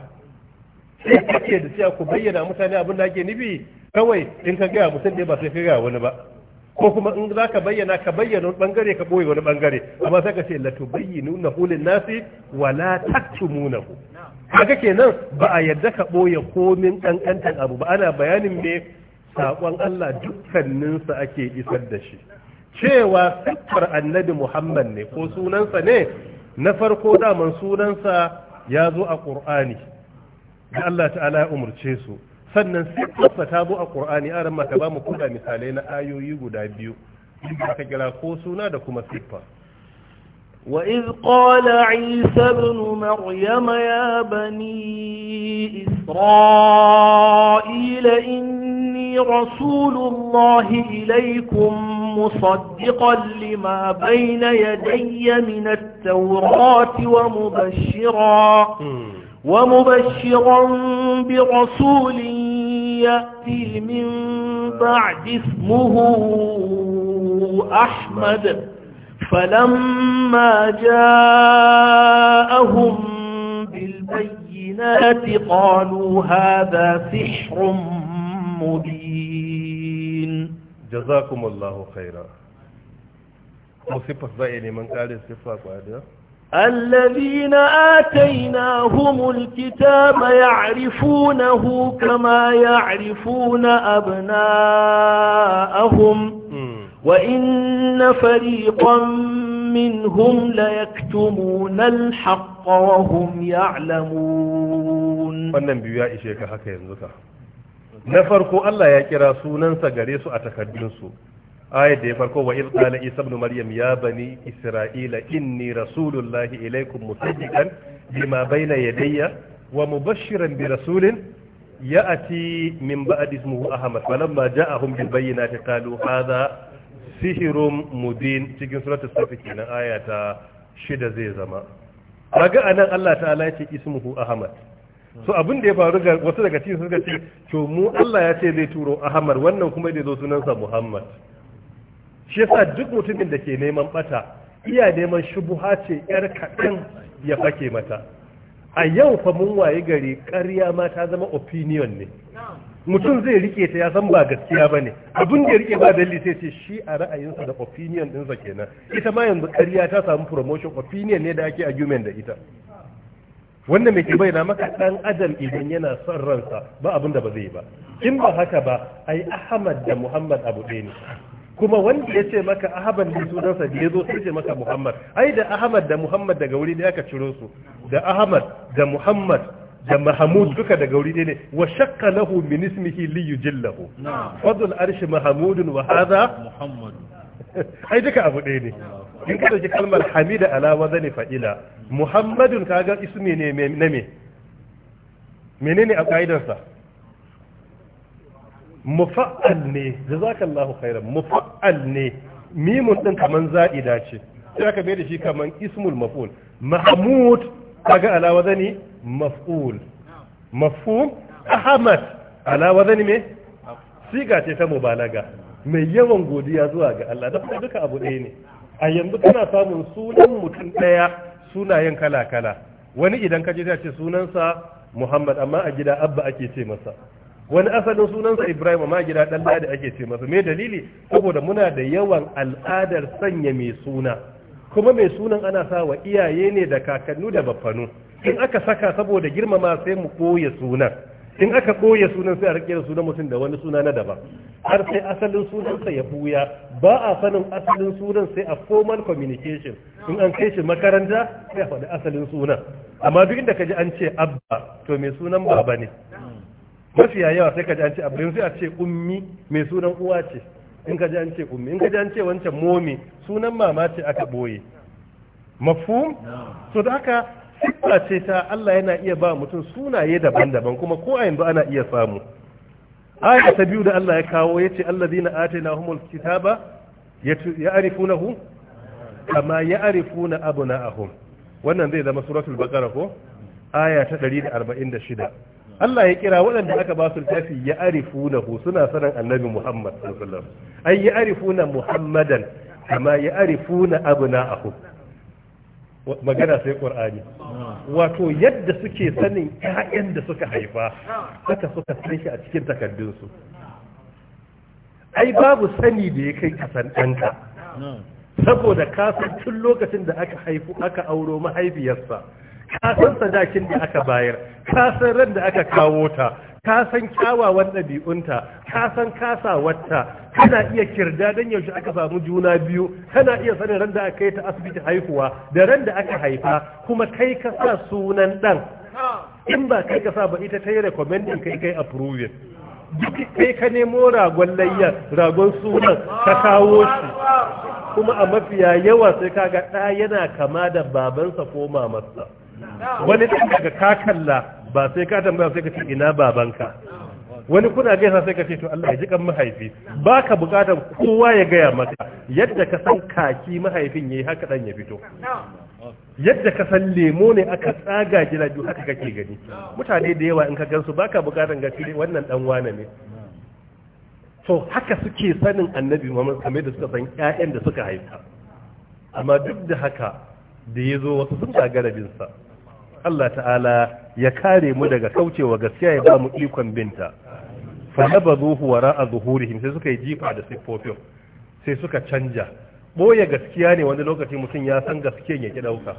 sai kake da cewa ku bayyana mutane abin da ake nufi kawai in ka gaya mutum dai ba sai ka gaya wani ba ko kuma in za ka bayyana ka bayyana wani bangare ka boye wani bangare amma sai ka ce la tubayyinuna lin nasi wa la taktumunahu kaga kenan ba a yadda ka boye komin kankantan abu ba ana bayanin me sakon Allah dukkaninsa ake isar da shi cewa siffar annabi muhammad ne ko sunansa ne na farko daman sunansa ya zo a ƙur'ani da Allah ta'ala ya umarce su sannan siffarsa ta zo a ƙur'ani a ran maka ba mu kuda misalai na ayoyi guda biyu inda aka kira ko suna da kuma siffa وإذ قال عيسى بن مريم يا بني إسرائيل إني رسول الله إليكم مصدقا لما بين يدي من التوراة ومبشرا ومبشرا برسول يأتي من بعد اسمه أحمد فلما جاءهم بالبينات قالوا هذا سحر مبين جزاكم الله خيرا مصفة بأيني يعني من قال الصفة قادر الذين آتيناهم الكتاب يعرفونه كما يعرفون أبناءهم وإن فريقا منهم ليكتمون الحق وهم يعلمون wannan biyu ya ishe ka haka yanzu ka na farko Allah ya kira sunansa gare su a takaddunsu ayat da ya farko wa qala isa ibn maryam ya bani isra'ila inni rasulullahi ilaykum musaddiqan bima bayna yadayya wa mubashiran bi rasulin ya'ti min ba'di ismihi ahmad falamma ja'ahum bil bayyinati qalu hadha sihirun mudin cikin suratul safi kenan aya ta shida zai zama kaga anan Allah ta'ala yake ismuhu ahmad so abin da ya faru ga wasu daga cikin suka ce to mu Allah ya ce zai turo ahmad wannan kuma zai zo sa muhammad shi yasa duk mutumin da ke neman bata iya neman shubuha ce yar kaɗan ya fake mata a yau fa mun waye gari ƙarya ma ta zama opinion ne mutum zai rike ta ya san ba gaskiya ne. abin da ya rike ba dalili sai ce shi a ra'ayinsa da opinion ɗinsa kenan ita ma yanzu ƙarya ta samu promotion opinion ne da ake argument da ita wanda mai ke bayyana maka dan adam idan yana son ransa ba abin da ba zai ba in ba haka ba ai ahmad da muhammad abu ɗaya ne kuma wanda ya ce maka ahmad ne sunansa da ya zo sai ce maka muhammad ai da ahmad da muhammad daga wuri da aka ciro su da ahmad da muhammad da Mahmud duka daga wuri ne wa shakka lahu min ismihi li yujillahu fadl arsh Mahmudun wa hadha Muhammad ai duka abu ɗaya ne in ka dauki kalmar hamida ala wazani fa'ila Muhammadun kaga ismi ne na me menene a kaidarsa mufa'al ne jazakallahu khairan mufa'al ne mimun din kaman za'ida ce sai aka bai da shi kaman ismul maf'ul mahmud kaga ala wazani maf'ul mafhum ahmad ala wazani me siga ce ta mubalaga mai yawan godiya zuwa ga Allah da kuma duka abu ɗaya ne a yanzu kana samun sunan mutum ɗaya sunayen kala kala wani idan ka je ce sunansa Muhammad amma a gida abba ake ce masa wani asalin sunansa Ibrahim amma a gida dan da ake ce masa me dalili saboda muna da yawan al'adar sanya mai suna kuma mai sunan ana sa wa iyaye ne da kakannu da baffanu in aka saka saboda girmama sai mu koya sunan in aka koya sunan sai a rike sunan mutum da wani suna na daban har sai asalin sunansa ya buya ba a sanin asalin sunan sai a formal communication in an kai shi makaranta sai a faɗi asalin sunan amma duk inda ka ji an ce abba to mai sunan baba ne mafiya yawa sai ka ji an ce abba sai a ce ummi mai sunan uwa ce in ka ji an ce ummi in ka ji an ce wancan momi sunan mama ce aka boye mafhum so da haka sifa ce ta Allah yana iya ba mutum sunaye daban-daban kuma ko a yanzu ana iya samu aya ta biyu da Allah ya kawo yace allazina atainahumul kitaba ya'rifunahu kama ya'rifuna abna'ahum wannan zai zama suratul baqara ko aya ta 146 Allah ya kira waɗanda aka ba su littafi ya arifu hu suna sanin annabi Muhammad sallallahu alaihi ai ya na Muhammadan kama ya arifu na arifuna abna'ahu magana sai Qur'ani wato yadda suke sanin ƴaƴan da suka haifa haka suka san shi a cikin takardunsu ai babu sani da ya kai kasan ɗanka saboda kasan tun lokacin da aka haifu aka auro mahaifiyarsa kasan sadakin da aka bayar kasan san ran da aka kawo ta kasan san kyawawan ɗabi'unta kasan san kasawarta kana iya kirda don yaushe aka samu juna biyu kana iya sanin ran da aka yi ta asibiti haihuwa da ran da aka haifa kuma kai ka sa sunan ɗan in ba kai ka sa ba ita ta yi recommending kai kai approve duk kai ka nemo ragon layyar ragon sunan ka kawo shi kuma a mafiya yawa sai kaga ɗa yana kama da babansa ko mamarsa wani ɗan daga ka kalla ba sai ka tambaya sai ka ce ina babanka wani kuna gaisa sai ka ce to Allah ya ji kan mahaifi baka bukatar kowa ya gaya maka yadda ka san kaki mahaifin yayi haka dan ya fito yadda ka san lemo ne aka tsaga gida biyu haka kake gani mutane da yawa in ka gansu baka bukatar ga wannan dan wane ne to haka suke sanin annabi Muhammad kamar da suka san ƴaƴan da suka haifa amma duk da haka da ya zo wasu sun gagara binsa Allah ta'ala ya kare mu daga kaucewa gaskiya ya ba mu ikon binta fa nabazuhu wara'a zuhurihim sai suka yi jifa da siffofin sai suka canja boye gaskiya ne wani lokaci mutum ya san gaskiya ya ki dauka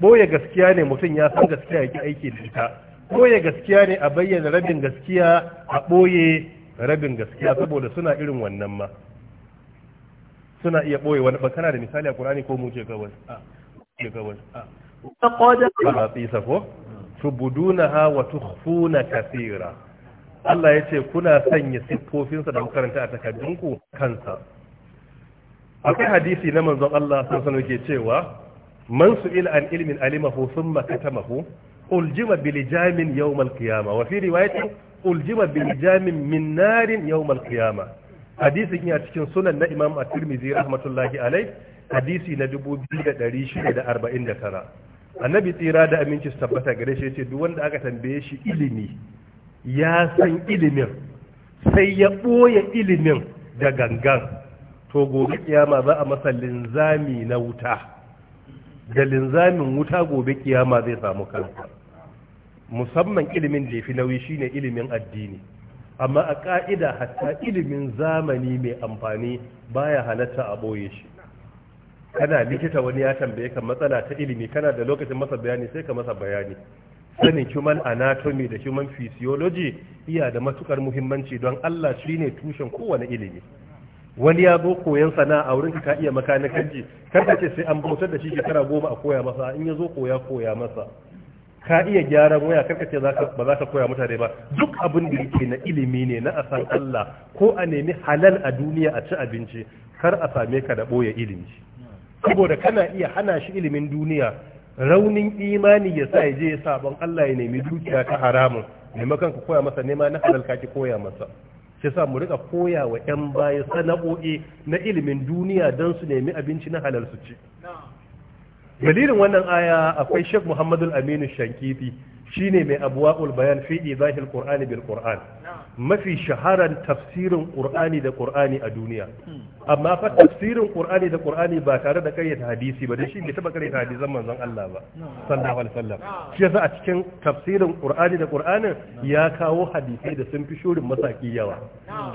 boye gaskiya ne mutum ya san gaskiya ya ki aiki da ita boye gaskiya ne a bayyana rabin gaskiya a boye rabin gaskiya saboda suna irin wannan ma suna iya boye wani bakana da misali a Qur'ani ko mu ce kawai kawai ah. ko tubudunaha wa tukhfuna kathira Allah ya ce kuna sanya siffofinsa da makaranta a ku kansa akwai hadisi na manzon Allah san sanar ke cewa man su'ila an ilmin alimahu thumma katamahu uljima bil jamin yawm al riwayatin uljima bilijamin min narin yawm al Hadisi ya cikin sunan na Imam At-Tirmidhi rahmatullahi alai. hadisi na da da 2649 annabi tsira da aminci tabbata gare shi yace duk wanda aka tambaye shi ilimi ya san ilimin sai ya ɓoye ilimin da gangan to gobe kiyama za a masa linzami na wuta da linzamin wuta gobe kiyama zai samu kansa musamman ilimin da ya fi nauyi shine ilimin addini amma a ka'ida hatta ilimin zamani mai amfani baya halatta a ɓoye shi kana likita wani ya tambaye ka matsala ta ilimi kana da lokacin masa bayani sai ka masa bayani sanin human anatomy da human physiology iya da matukar muhimmanci don Allah shi ne tushen kowane ilimi wani ya zo koyan sana'a wurin ka iya makanikanci kar ka ce sai an bautar da shi shekara goma a koya masa in ya zo koya koya masa ka iya gyaran waya karka ce ba za ka koya mutane ba duk abin da yake na ilimi ne na asan Allah ko a nemi halal a duniya a ci abinci kar a same ka da boye ilimi saboda kana iya hana shi ilimin duniya raunin imani ya sa ya je sabon Allah ya nemi dukiya ta haramun maimakon ka koya masa nema na halal kaki koya masa shi sa mu rika koya wa yan baya sana'o'i na ilimin duniya don su nemi abinci na halal su ci dalilin wannan aya akwai Sheikh Muhammadu Aminu Shankiti shine mai abwaul bayan fi idahil Qur'ani bil Qur'an mafi shaharan tafsirin ƙur'ani da ƙur'ani a duniya amma fa tafsirin ƙur'ani da ƙur'ani ba tare da karyata hadisi ba da shi bai taɓa karyata hadisan manzon Allah ba sallallahu alaihi wasallam shi yasa a cikin tafsirin ƙur'ani da ƙur'anin ya kawo hadisai da sun fi shurin masaki yawa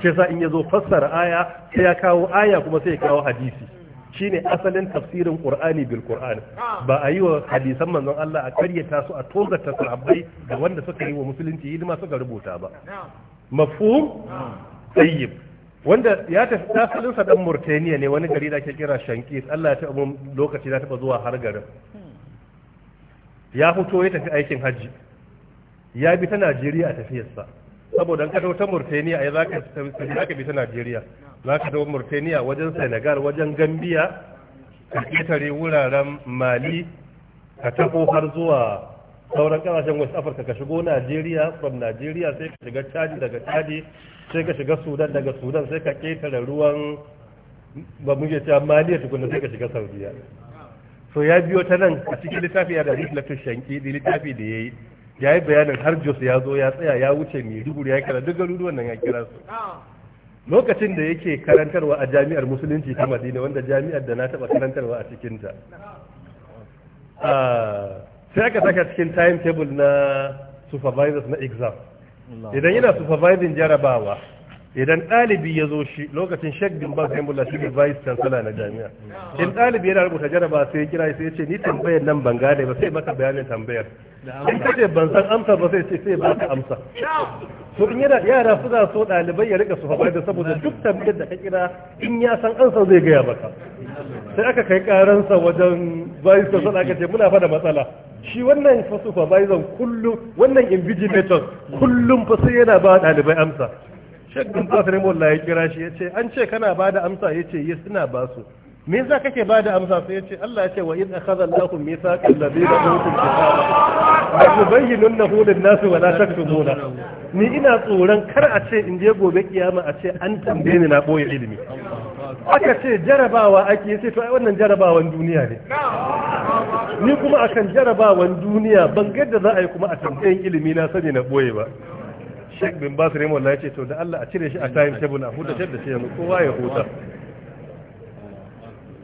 shi yasa in yazo fassara aya sai ya kawo aya kuma sai ya kawo hadisi shine asalin tafsirin ƙur'ani bil ba a yi wa hadisan manzon Allah a karyata su a tozarta sahabbai da wanda suka yi wa musulunci hidima suka rubuta ba mafhum tayyib wanda ya tafi dasalinsa dan Murtaniya ne wani gari da ake kira Shankis Allah ya taɓa lokaci na taɓa zuwa har garin ya fito ya tafi aikin hajji ya bi ta Najeriya a tafiyarsa saboda ka ta Murtaniya ai zaka zaka bi ta Najeriya zaka dawo Murtaniya wajen Senegal wajen Gambia ka ketare wuraren Mali ka taho har zuwa sauran kasashen west africa ka shigo nigeria from nigeria sai ka shiga chadi daga chadi sai ka shiga sudan daga sudan sai ka ketare ruwan ba mu ke cewa maliya tukuna sai ka shiga saudiya so ya biyo ta nan a cikin littafi ya da littafin shanki da littafi da ya yi ya yi bayanin har jos ya zo ya tsaya ya wuce mai duguri ya kira duk garuruwan nan ya kira su lokacin da yake karantarwa a jami'ar musulunci ta madina wanda jami'ar da na taba karantarwa a cikinta ah, sai ka saka cikin timetable na supervisors na exam idan yana supervising jarabawa idan ɗalibi ya zo shi lokacin shek bin bas yamula shi ne vice chancellor na jami'a in ɗalibi yana rubuta jaraba sai ya kira sai ya ce ni tambayar nan ban gane ba sai maka bayanin tambayar in ka ce ban san amsa ba sai ce sai ba ka amsa so in yana yara suna so ɗalibai ya rika su haɓar da saboda duk tambayar da ka kira in ya san amsa zai gaya maka sai aka kai karansa wajen vice chancellor aka ce muna fada matsala shi wannan fa supervisor kullum wannan invigilator kullum fa sai yana ba ɗalibai amsa shek bin qasim ya kira shi yace an ce kana ba da amsa yace yes ina ba su me yasa kake ba da amsa sai yace Allah ce wa idh akhadha Allahu mithaqa alladhina utul kitaba la lahu lin-nas wa la taktubuna ni ina tsoron kar a ce in je gobe kiyama a ce an tambaye ni na boye ilimi aka ce jarabawa ake sai to ai wannan jarabawan duniya ne ni kuma akan jarabawan duniya ban ga da za a yi kuma a tambayen ilimi na sani na boye ba Sheikh bin Basir Raymond ya ce to da Allah a cire shi a time table a huta da shi yanzu kowa ya huta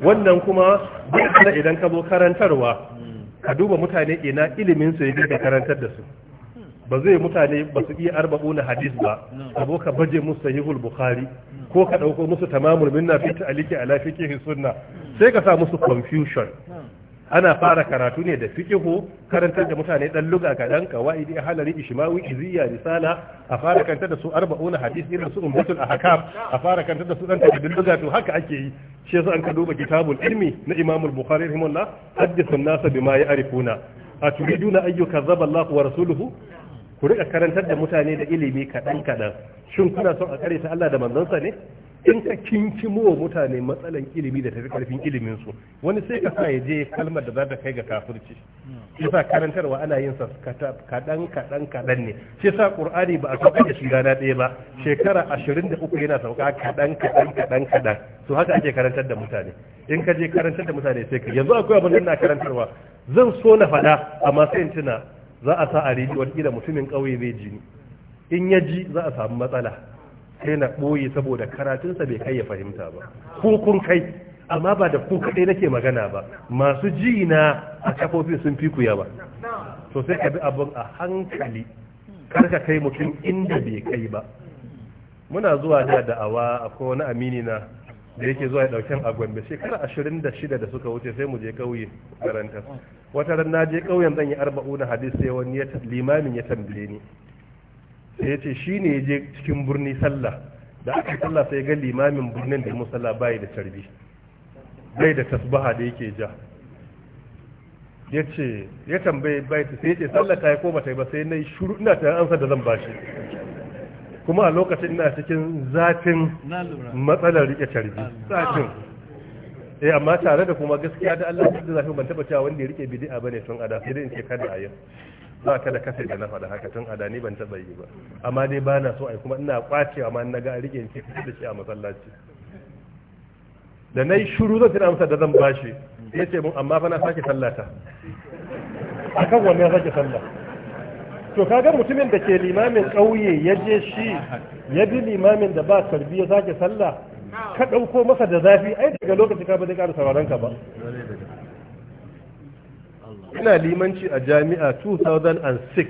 wannan kuma duk idan ka zo karantarwa ka duba mutane ina ilimin su yake karantar da su ba zai mutane ba su iya arba'u na hadis ba ka zo ka baje musu sahihul bukhari ko ka dauko musu tamamul minna fi ta'aliki ala fiqhi sunna sai ka sa musu confusion ana fara karatu ne da fiqihu karantar da mutane dan luga kadan kawaidi halari ishmawi iziya risala a fara karantar da su 40 hadisi irin su ummatul ahkam a fara karantar da su dan takaddun luga to haka ake yi shi yasa an ka kitabul ilmi na imam al-bukhari rahimahullah hadithu an-nas bima ya'rifuna aturiduna ayyuka zaba Allah wa rasuluhu ku rika karantar da mutane da ilimi kadan kadan shin kuna son a kare ta Allah da manzonsa ne in ka kinkimo wa mutane matsalan ilimi da tafi karfin ilimin su wani sai ka sa ya je kalmar da za ta kai ga kafirci shi sa karantarwa ana yin sa kadan kadan kadan ne shi sa qur'ani ba a sauka da shiga na ɗaya ba shekara ashirin da uku yana sauka kadan kadan kadan kadan to haka ake karantar da mutane in ka je karantar da mutane sai ka yanzu akwai abin da ina karantarwa zan so na faɗa amma sai in tuna za a sa a rediyo wata mutumin ƙauye zai ji in ya ji za a samu matsala sai na ɓoye saboda karatunsa bai kai ya fahimta ba ko kun kai amma ba da ku kaɗai nake magana ba masu ji na a kafofin sun fi ku yawa to sai ka bi abin a hankali kar ka kai mutum inda bai kai ba muna zuwa da da'awa akwai wani amini na da yake zuwa ya ɗauken a gombe shekara ashirin da shida da suka wuce sai mu je ƙauye karanta wata ran na je ƙauyen zan yi arba'u na hadis sai wani limamin ya tambaye ni sai ya ce shi ne ya je cikin birni sallah da aka sallah sai ga limamin birnin da musalla bai da carbi bai da tasbaha da yake ja ya ce ya tambaye bai ta sai ya ce sallah ta yi ko ta yi ba sai na yi shuru ina ta ansa da zan bashi kuma a lokacin ina cikin zafin matsalar rike carbi zafin eh amma tare da kuma gaskiya da Allah ya zafin ban taba cewa wanda ya rike bid'a bane tun ada sai dai in ce kada a ba ka da kasai da na faɗa haka tun a dani ban taɓa yi ba amma dai ba na so ai kuma ina kwacewa ma na ga rike in ce da shi a masallaci da na yi shuru zan tana amsa da zan bashi ya ce mun amma fa na sake sallata a kan ya sake sallah to kaga mutumin da ke limamin ƙauye ya je shi ya bi limamin da ba karbi ya sake sallah ka ɗauko masa da zafi ai daga lokaci ka ba zai ƙara sauraron ka ba ina limanci a jami'a 2006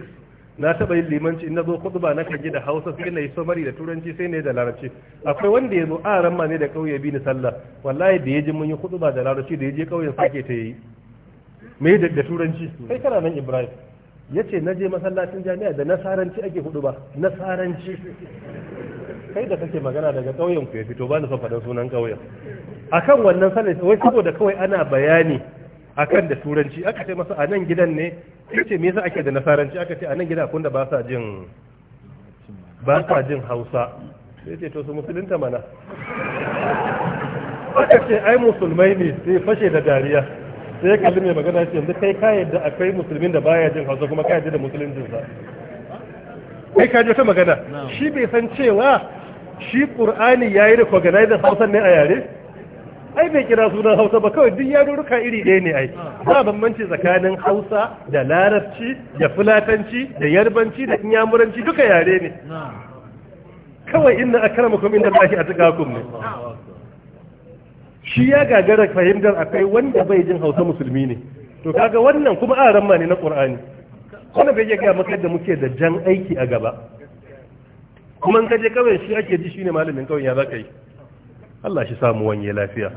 na taɓa yin limanci ina zo kudu ba na kan da hausa sai na yi samari da turanci sai na yi da larabci akwai wanda ya zo a ramma ne da ƙauye bi ni sallah wallahi da ya ji mun yi kudu ba da larabci da ya je ƙauyen sake ta yi me da da turanci kai kana nan ibrahim ya ce na je masallacin jami'a da nasaranci ake hudu ba nasaranci kai da kake magana daga ƙauyen ku ya fito ba ni son faɗin sunan ƙauyen akan wannan sallah wai saboda kawai ana bayani akan da turanci aka ce masa a nan gidan ne sai ce me yasa ake da nasaranci aka ce a nan gidan akwai da ba sa jin ba sa jin Hausa sai ce to su musulunta mana aka ce ai musulmai ne sai fashe da dariya sai kalli mai magana ce yanzu kai ka yadda akwai musulmin da baya jin Hausa kuma ka yadda da musulunci sa kai ka ji ta magana shi bai san cewa shi Qur'ani yayi da Hausa ne a yare ai bai kira sunan hausa ba kawai duk yarurruka iri ɗaya ne ai ba bambanci tsakanin hausa da larabci da fulatanci da yarbanci da inyamuranci duka yare ne kawai inna akramakum inda lahi atqakum ne shi ya gagara fahimtar akwai wanda bai jin hausa musulmi ne to kaga wannan kuma aran ma ne na qur'ani wannan bai ga maka da muke da jan aiki a gaba kuma in kaje kawai shi ake ji shine malamin kawai ya zaka Allah shi samu wanye lafiya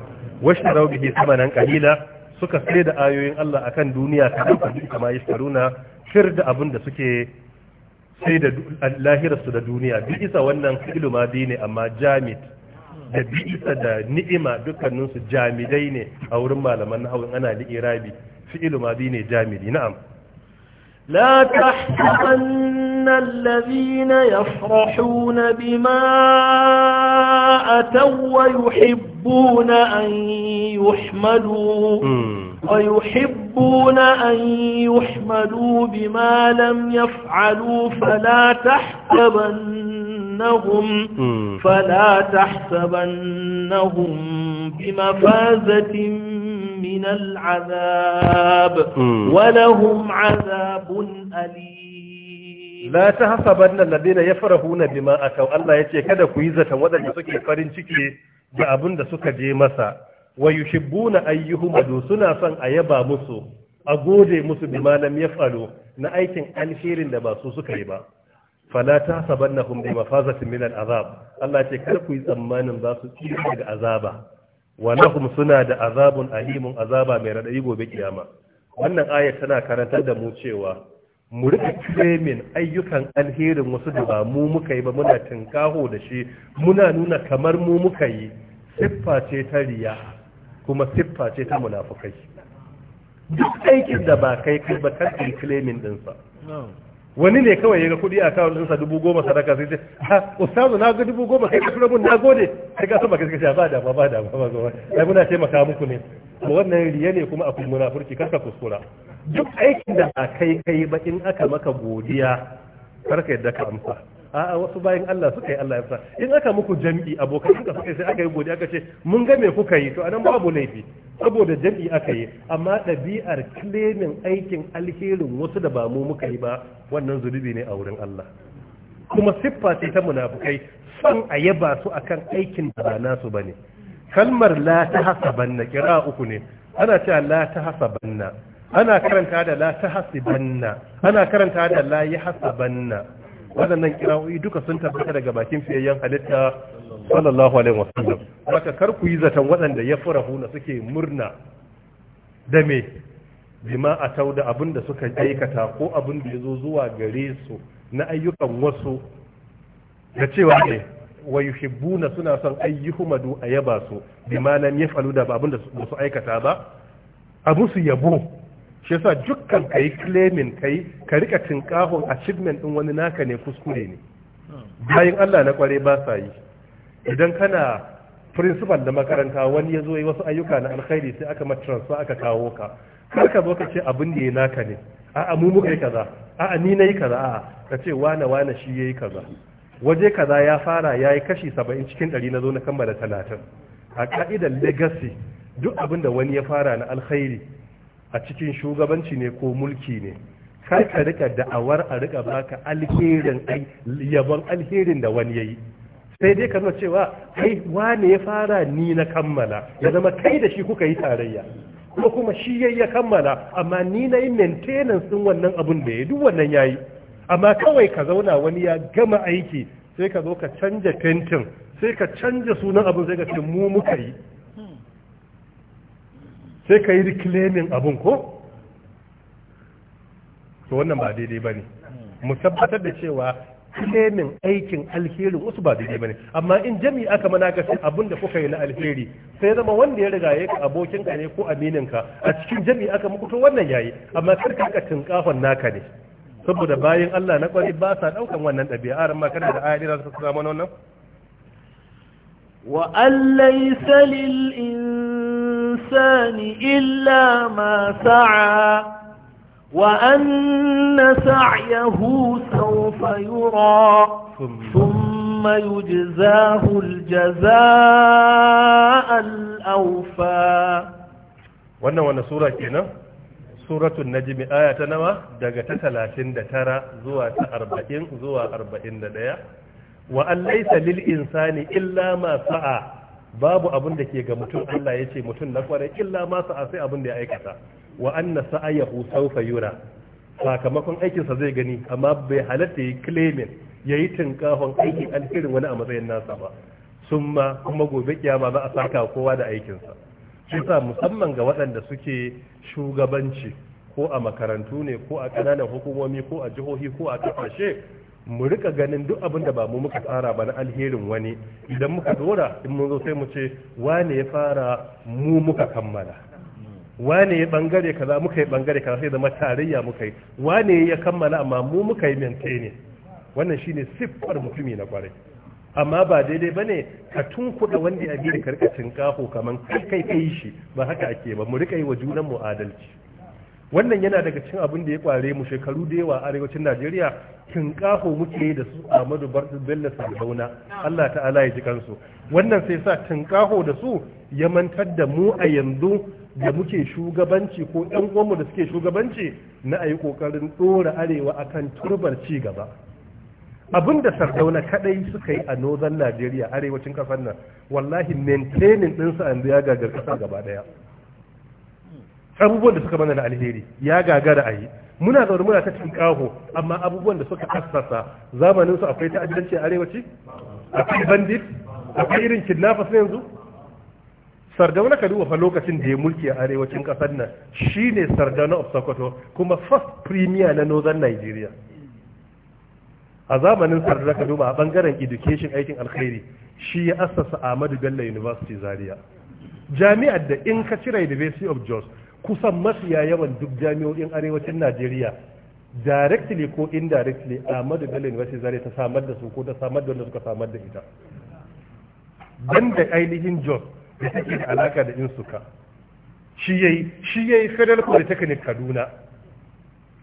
washrau sama samanan qalila suka sai da ayoyin Allah akan duniya kadan kadan kama yashtaruna fir da abin da suke sai da lahirarsu da duniya bi isa wannan fi'lu bi ne amma jamit da bi isa da ni'ima dukkaninsu jamidai ne a wurin malaman nahawin ana da irabi fi'lu bi ne jamidi na'am la tahtaban إن الذين يفرحون بما أتوا ويحبون أن يحملوا ويحبون أن يحملوا بما لم يفعلوا فلا تحسبنهم فلا تحسبنهم بمفازة من العذاب ولهم عذاب أليم la ta ba nan ladina ya farahu na bima akau Allah ya ce kada ku yi zaton waɗanda suke farin ciki da abin da suka je masa wa ayyuhu madu suna son a yaba musu a gode musu bima lam yafalu na aikin alherin da ba su suka yi ba fala ta sabannahum bi mafazatin min azab, Allah ce kada ku yi tsammanin za su tsira da azaba wa lahum suna da azabun alimun azaba mai radadi gobe kiyama wannan ayar tana karantar da mu cewa mu rika claiming ayyukan alherin wasu da ba mu muka yi ba muna tinkaho da shi muna nuna kamar mu muka yi siffa ce ta riya kuma siffa ce ta munafukai duk aikin da ba kai kai ba kan claiming sa. wani ne kawai ya ga kuɗi a kawo ɗinsa dubu goma sadaka sai ce ha ustazu na ga dubu goma kai ka tura mun na gode sai ka saba gaskiya ba da ba da ba ba ai muna taimaka muku ne wannan riya ne kuma akwai munafurci kar ka kuskura duk aikin da kai kai ba in aka maka godiya karka yadda ka amsa a'a wasu bayan Allah suka yi Allah ya amsa in aka muku jam'i abokan ka suka sai aka yi godiya aka ce mun ga me kuka yi to anan babu laifi saboda jam'i aka yi amma ɗabi'ar kilemin aikin alherin wasu da ba mu muka yi ba wannan zunubi ne a wurin Allah kuma siffa ce ta munafukai son a yaba su akan aikin da ba nasu bane kalmar la ta hasabanna kira uku ne ana cewa la ta hasabanna ana karanta da la ta hasibanna ana karanta da la ya hasibanna waɗannan kira'o'i duka sun tabbata daga bakin fiyayyen halitta sallallahu alaihi wasallam haka kar ku yi zaton waɗanda ya furahu na suke murna da me bima a tau da da suka aikata ko abin da ya zo zuwa gare su na ayyukan wasu da cewa ne wa yuhibbuna suna son ayyuhumadu a yaba su bima ya yafalu da abin da su aikata ba abu su yabo shi yasa dukkan kai claiming kai ka rika tinkahon achievement din wani naka ne kuskure ne bayan Allah na kware ba sa yi idan kana principal da makaranta wani ya zo yi wasu ayyuka na alkhairi sai aka ma transfer aka kawo ka har ka zo ka ce abin da ya naka ne a'a mu muka yi kaza a ni na yi kaza a'a ka ce wane wane shi ya yi kaza waje kaza ya fara ya yi kashi saba'in cikin ɗari na zo na kammala talatin a ka'idar legacy duk abin da wani ya fara na alkhairi a cikin shugabanci ne ko mulki ne kar ka rika da'awar a rika baka alherin yabon alherin da wani yayi sai dai ka kana cewa kai wane ya fara ni na kammala ya zama kai da shi kuka yi tarayya kuma kuma shi yayi ya kammala amma ni na yi maintenance din wannan abun da ya duk wannan yayi amma kawai ka zauna wani ya gama aiki sai ka zo ka canja fentin sai ka canja sunan abun sai ka ce mu muka yi sai ka yi reclaiming abin ko to wannan ba daidai ba ne mu tabbatar da cewa claiming aikin alherin wasu ba daidai ba ne amma in jami aka mana ka sai abin da kuka yi na alheri sai zama wanda ya riga ya abokin ka ne ko aminin ka a cikin jami aka muku to wannan yayi amma kar ka tinkafan naka ne saboda bayan Allah na kwari ba sa daukan wannan dabi'a har ma kana da ayati da suka samu wannan wa an laysa lil الإنسان إلا ما سعى وأن سعيه سوف يرى ثم يجزاه الجزاء الأوفى وانا وانا سورة كنا سورة النجم آية نوى دقة ثلاثين دترى زوى أربعين زوى أربعين دقيقة وأن ليس للإنسان إلا ما سعى babu abin da ke ga mutum Allah ya ce mutum na kwarai illa ma a sai abin da ya aikata wa anna sa'ayahu sawfa yura sakamakon aikinsa zai gani amma bai halatta yi claiming yayi tinkahon aikin alherin wani a matsayin nasa ba summa kuma gobe kiyama za a saka kowa da aikinsa shi sa musamman ga waɗanda suke shugabanci ko a makarantu ne ko a ƙananan hukumomi ko a jihohi ko a kasashe mu rika ganin duk abin da ba mu muka tsara ba na alherin wani idan muka dora in mun zo sai mu ce wane ya fara mu muka kammala wane ya bangare kaza muka yi bangare kaza sai zama tarayya muka yi wane ya kammala amma mu muka yi ne. wannan shine siffar mutumi na kwarai amma ba daidai ba ne ka tunkuɗa wanda ya bi da karkacin kaho kamar kai kai kai shi ba haka ake ba mu rika yi wa junan mu adalci wannan yana daga cikin abin da ya kware mu shekaru da yawa a arewacin najeriya kin kafo muke da su ahmadu bello sardauna allah ta'ala ya ji kansu wannan sai sa kin kafo da su ya mantar da mu a yanzu da muke shugabanci ko yan uwanmu da suke shugabanci na ayi kokarin dora arewa akan turbar ci gaba abin da sardauna kadai suka yi a northern najeriya arewacin kasar nan wallahi maintaining su an ya ga kasa gaba daya abubuwan da suka mana na alheri ya gagara a yi muna zaune muna ta cikin kaho amma abubuwan da suka assasa zamanin su akwai ta'addanci a arewaci akwai bandit akwai irin kidnappers ne yanzu sardauna ka duba fa lokacin da ya mulki a arewacin kasar nan shine sardauna of sokoto kuma first premier na northern nigeria a zamanin sardauna ka duba a bangaren education aikin alkhairi shi ya assasa ahmadu bello university zaria jami'ar da in ka cire university of jos kusan mafiya yawan duk jami'o'in arewacin najeriya directly ko indirectly a madadin university zare ta samar da su ko ta samar da wanda suka samar da ita da ainihin job da take da alaka da suka shi yayi shi yayi federal polytechnic kaduna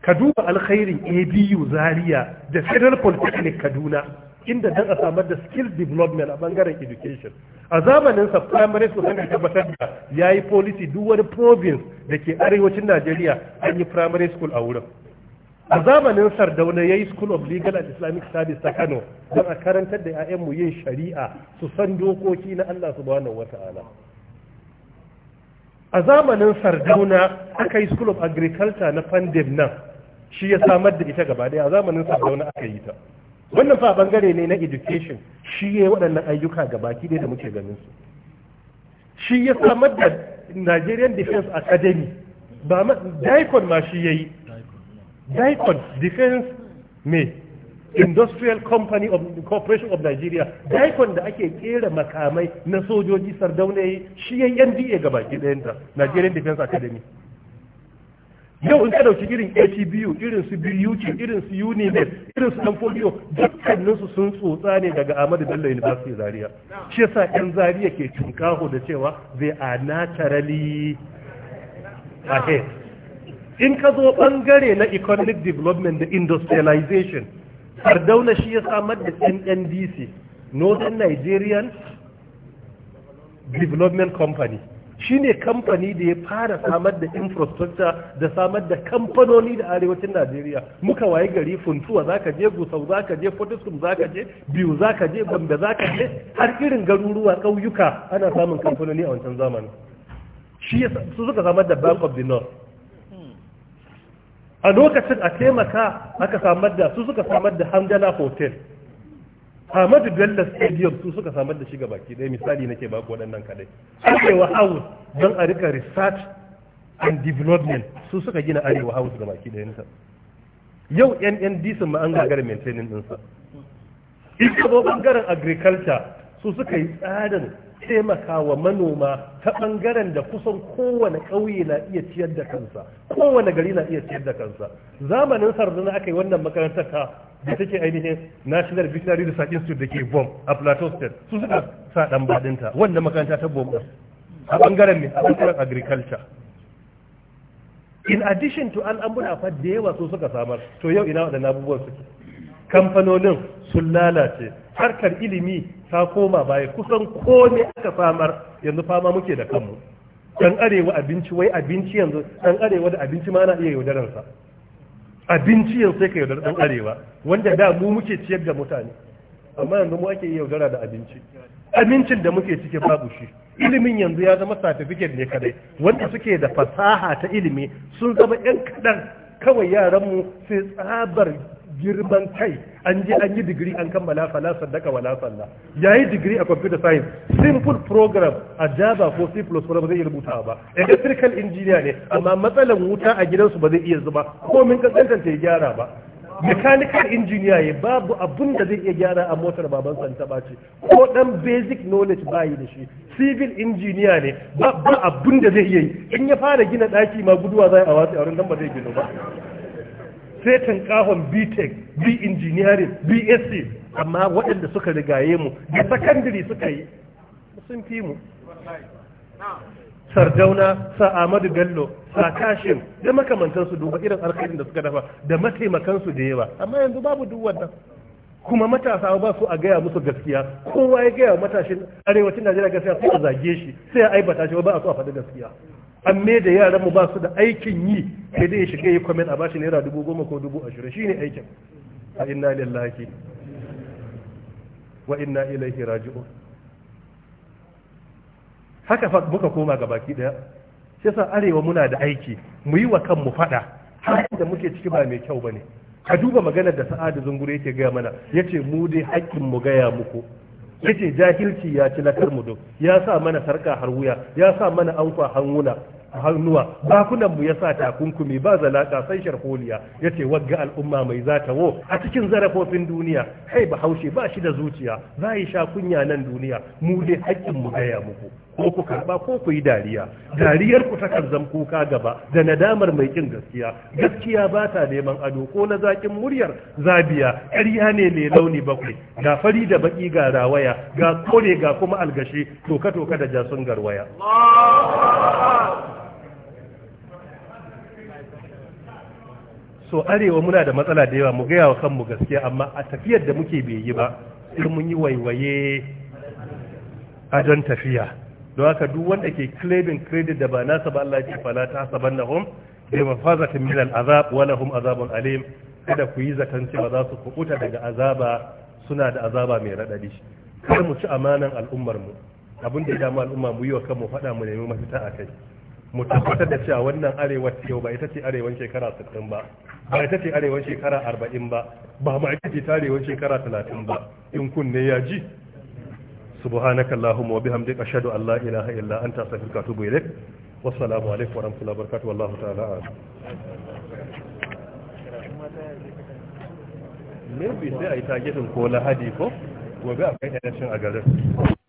ka duba alkhairin abu zaria da federal polytechnic kaduna inda dan a samar da skill development a bangaren education a zamanin sa primary school sun tabbatar da yayi policy duk wani province da ke arewacin Najeriya an yi primary school a wurin a zamanin sardauna ya yi school of legal and islamic studies ta kano don a karantar da 'ya'yanmu yin shari'a su san dokoki na allah subhanahu wa ta'ala a zamanin sardauna aka yi school of agriculture na fandem nan shi ya samar da ita gaba daya a zamanin sardauna aka yi ta wannan fa bangare ne na education shi ya yi waɗannan ayyuka ga baki da muke ganin su shi ya samar da Nigerian Defense Academy ba ma daikon ma shi ya yi daikon defense me industrial company of corporation of nigeria daikon da ake kera makamai na sojoji sardauna shi ya yi nda ga baki ɗayanta nigerian defense academy yau in ka dauki irin ATBU irin su BUC irin su UNIMED irin su Danfolio dukkanin su sun tsotsa ne daga Ahmadu Bello University Zaria shi yasa yan Zaria ke tunkaho da cewa they are naturally ahead in ka zo bangare na economic development da industrialization fardauna shi ya samar da NNDC Northern Nigerian Development Company shine kamfani da ya fara samar da infrastructure da samar da kamfanoni da arewacin Najeriya muka waye gari funtuwa zaka je Gusau zaka je za zaka je za zaka je za zaka je har irin garuruwa kauyuka ana samun kamfanoni a wancan zamanin shi su suka samar da Bank of the North a lokacin a taimaka aka samar da su suka samar da Hamdala Hotel Ahmadu Bello Stadium su suka samar da shi ga baki ɗaya misali nake ba ku waɗannan kadai. Arewa House don a rika research and development su suka gina Arewa House ga baki nisa. Yau NND sun ma an gagara maintaining ɗinsa. Ita zo ɓangaren agriculture su suka yi tsarin taimaka wa manoma ta ɓangaren da kusan kowane ƙauye na iya ciyar da kansa kowane gari na iya ciyar da kansa zamanin sardana aka yi wannan makarantar ta da take ainihin national veterinary research institute da ke bom a plateau state su suka sa ɗan baɗinta wannan makaranta ta bom a ɓangaren ne a ɓangaren agriculture in addition to al'amura fa da yawa su suka samar to yau ina waɗannan abubuwan suke kamfanonin sun lalace harkar ilimi ta koma baya kusan kome aka samar yanzu fama muke da kanmu dan arewa abinci wai abinci yanzu dan arewa da abinci ma na iya sa abinci yanzu sai ka yaudar dan arewa wanda da mu muke ciyar da mutane amma yanzu mu ake yaudara da abinci amincin da muke ciki babu shi ilimin yanzu ya zama certificate ne kadai wanda suke da fasaha ta ilimi sun zama yan kadan kawai yaranmu sai tsabar girman kai an je an yi digiri an kammala fala sadaka wala salla yayi digiri a computer science simple program a java ko c++ ba zai rubuta ba electrical engineer ne amma matsalan wuta a gidansu ba zai iya zuba ko min ta ya gyara ba mechanical engineer ya babu abun da zai iya gyara a motar baban san taba ce ko dan basic knowledge bayi da shi civil engineer ne ba abun da zai iya yi in ya fara gina daki ma guduwa zai a wasu a wurin dan ba zai gino ba sai tankahon btech b engineering bsc amma waɗanda suka rigaye mu da sakandiri suka yi sun fi mu sarjauna sa amadu bello sa kashin da makamantansu duba irin alkhairin da suka dafa da mataimakansu da yawa amma yanzu babu duk wannan kuma matasa ba su a gaya musu gaskiya kowa ya gaya matashin arewacin najeriya gaskiya sai a zage shi sai a aibata shi ba a so a faɗi gaskiya me da yaran mu ba su da aikin yi sai dai ya shiga yi comment a bashi naira dubu goma ko dubu ashirin shine aikin a inna lillahi wa inna ilaihi raji'un haka fa muka koma ga baki daya sai sa arewa muna da aiki mu yi wa kanmu faɗa har da muke ciki ba mai kyau bane ka duba maganar da sa'adu zungure yake gaya mana yace mu dai haƙƙin mu gaya muku yace jahilci ya ci na mu duk ya sa mana sarƙa har wuya ya sa mana anfa a hannuwa bakunan mu ya sa takunkumi ba zalaka sai sharholiya ce wagga al'umma mai zata wo a cikin zarafofin duniya kai bahaushe ba shi da zuciya za a yi sha kunya nan duniya mu dai haƙƙin mu gaya muku ko ku karɓa ko ku yi dariya dariyar ku takan zam kuka gaba da nadamar mai kin gaskiya gaskiya ba ta neman ado ko na zakin muryar zabiya ƙarya ne mai launi bakwai ga fari da baki ga rawaya ga kore ga kuma algashi toka toka da jasun garwaya so arewa muna da matsala da yawa mu gaya wa kanmu gaskiya amma a tafiyar da muke bai yi ba sai mun yi waiwaye a don tafiya don haka duk wanda ke claiming credit da ba nasa ba Allah ya ce fala ta hasabannahum bi mafazatin min al'azab wa lahum azabun alim kada ku yi zakan cewa za su kubuta daga azaba suna da azaba mai radadi kar mu ci amanan al'ummar mu abin da ya dama al'umma mu yi wa kanmu faɗa mu nemi mafita a kai mu tabbatar da cewa wannan arewa yau ba ita ce arewan shekara 60 ba ba ita ce arewan shekara 40 ba ba ma ita ce arewan shekara 30 ba in kunne ya ji subhanaka allahumma wa bihamdika ashhadu an la ilaha illa anta astaghfiruka wa atubu ilaik wassalamu alaikum wa rahmatullahi wa barakatuh wallahu ta'ala maybe sai a yi targetin ko lahadi ko gobe akwai election a garin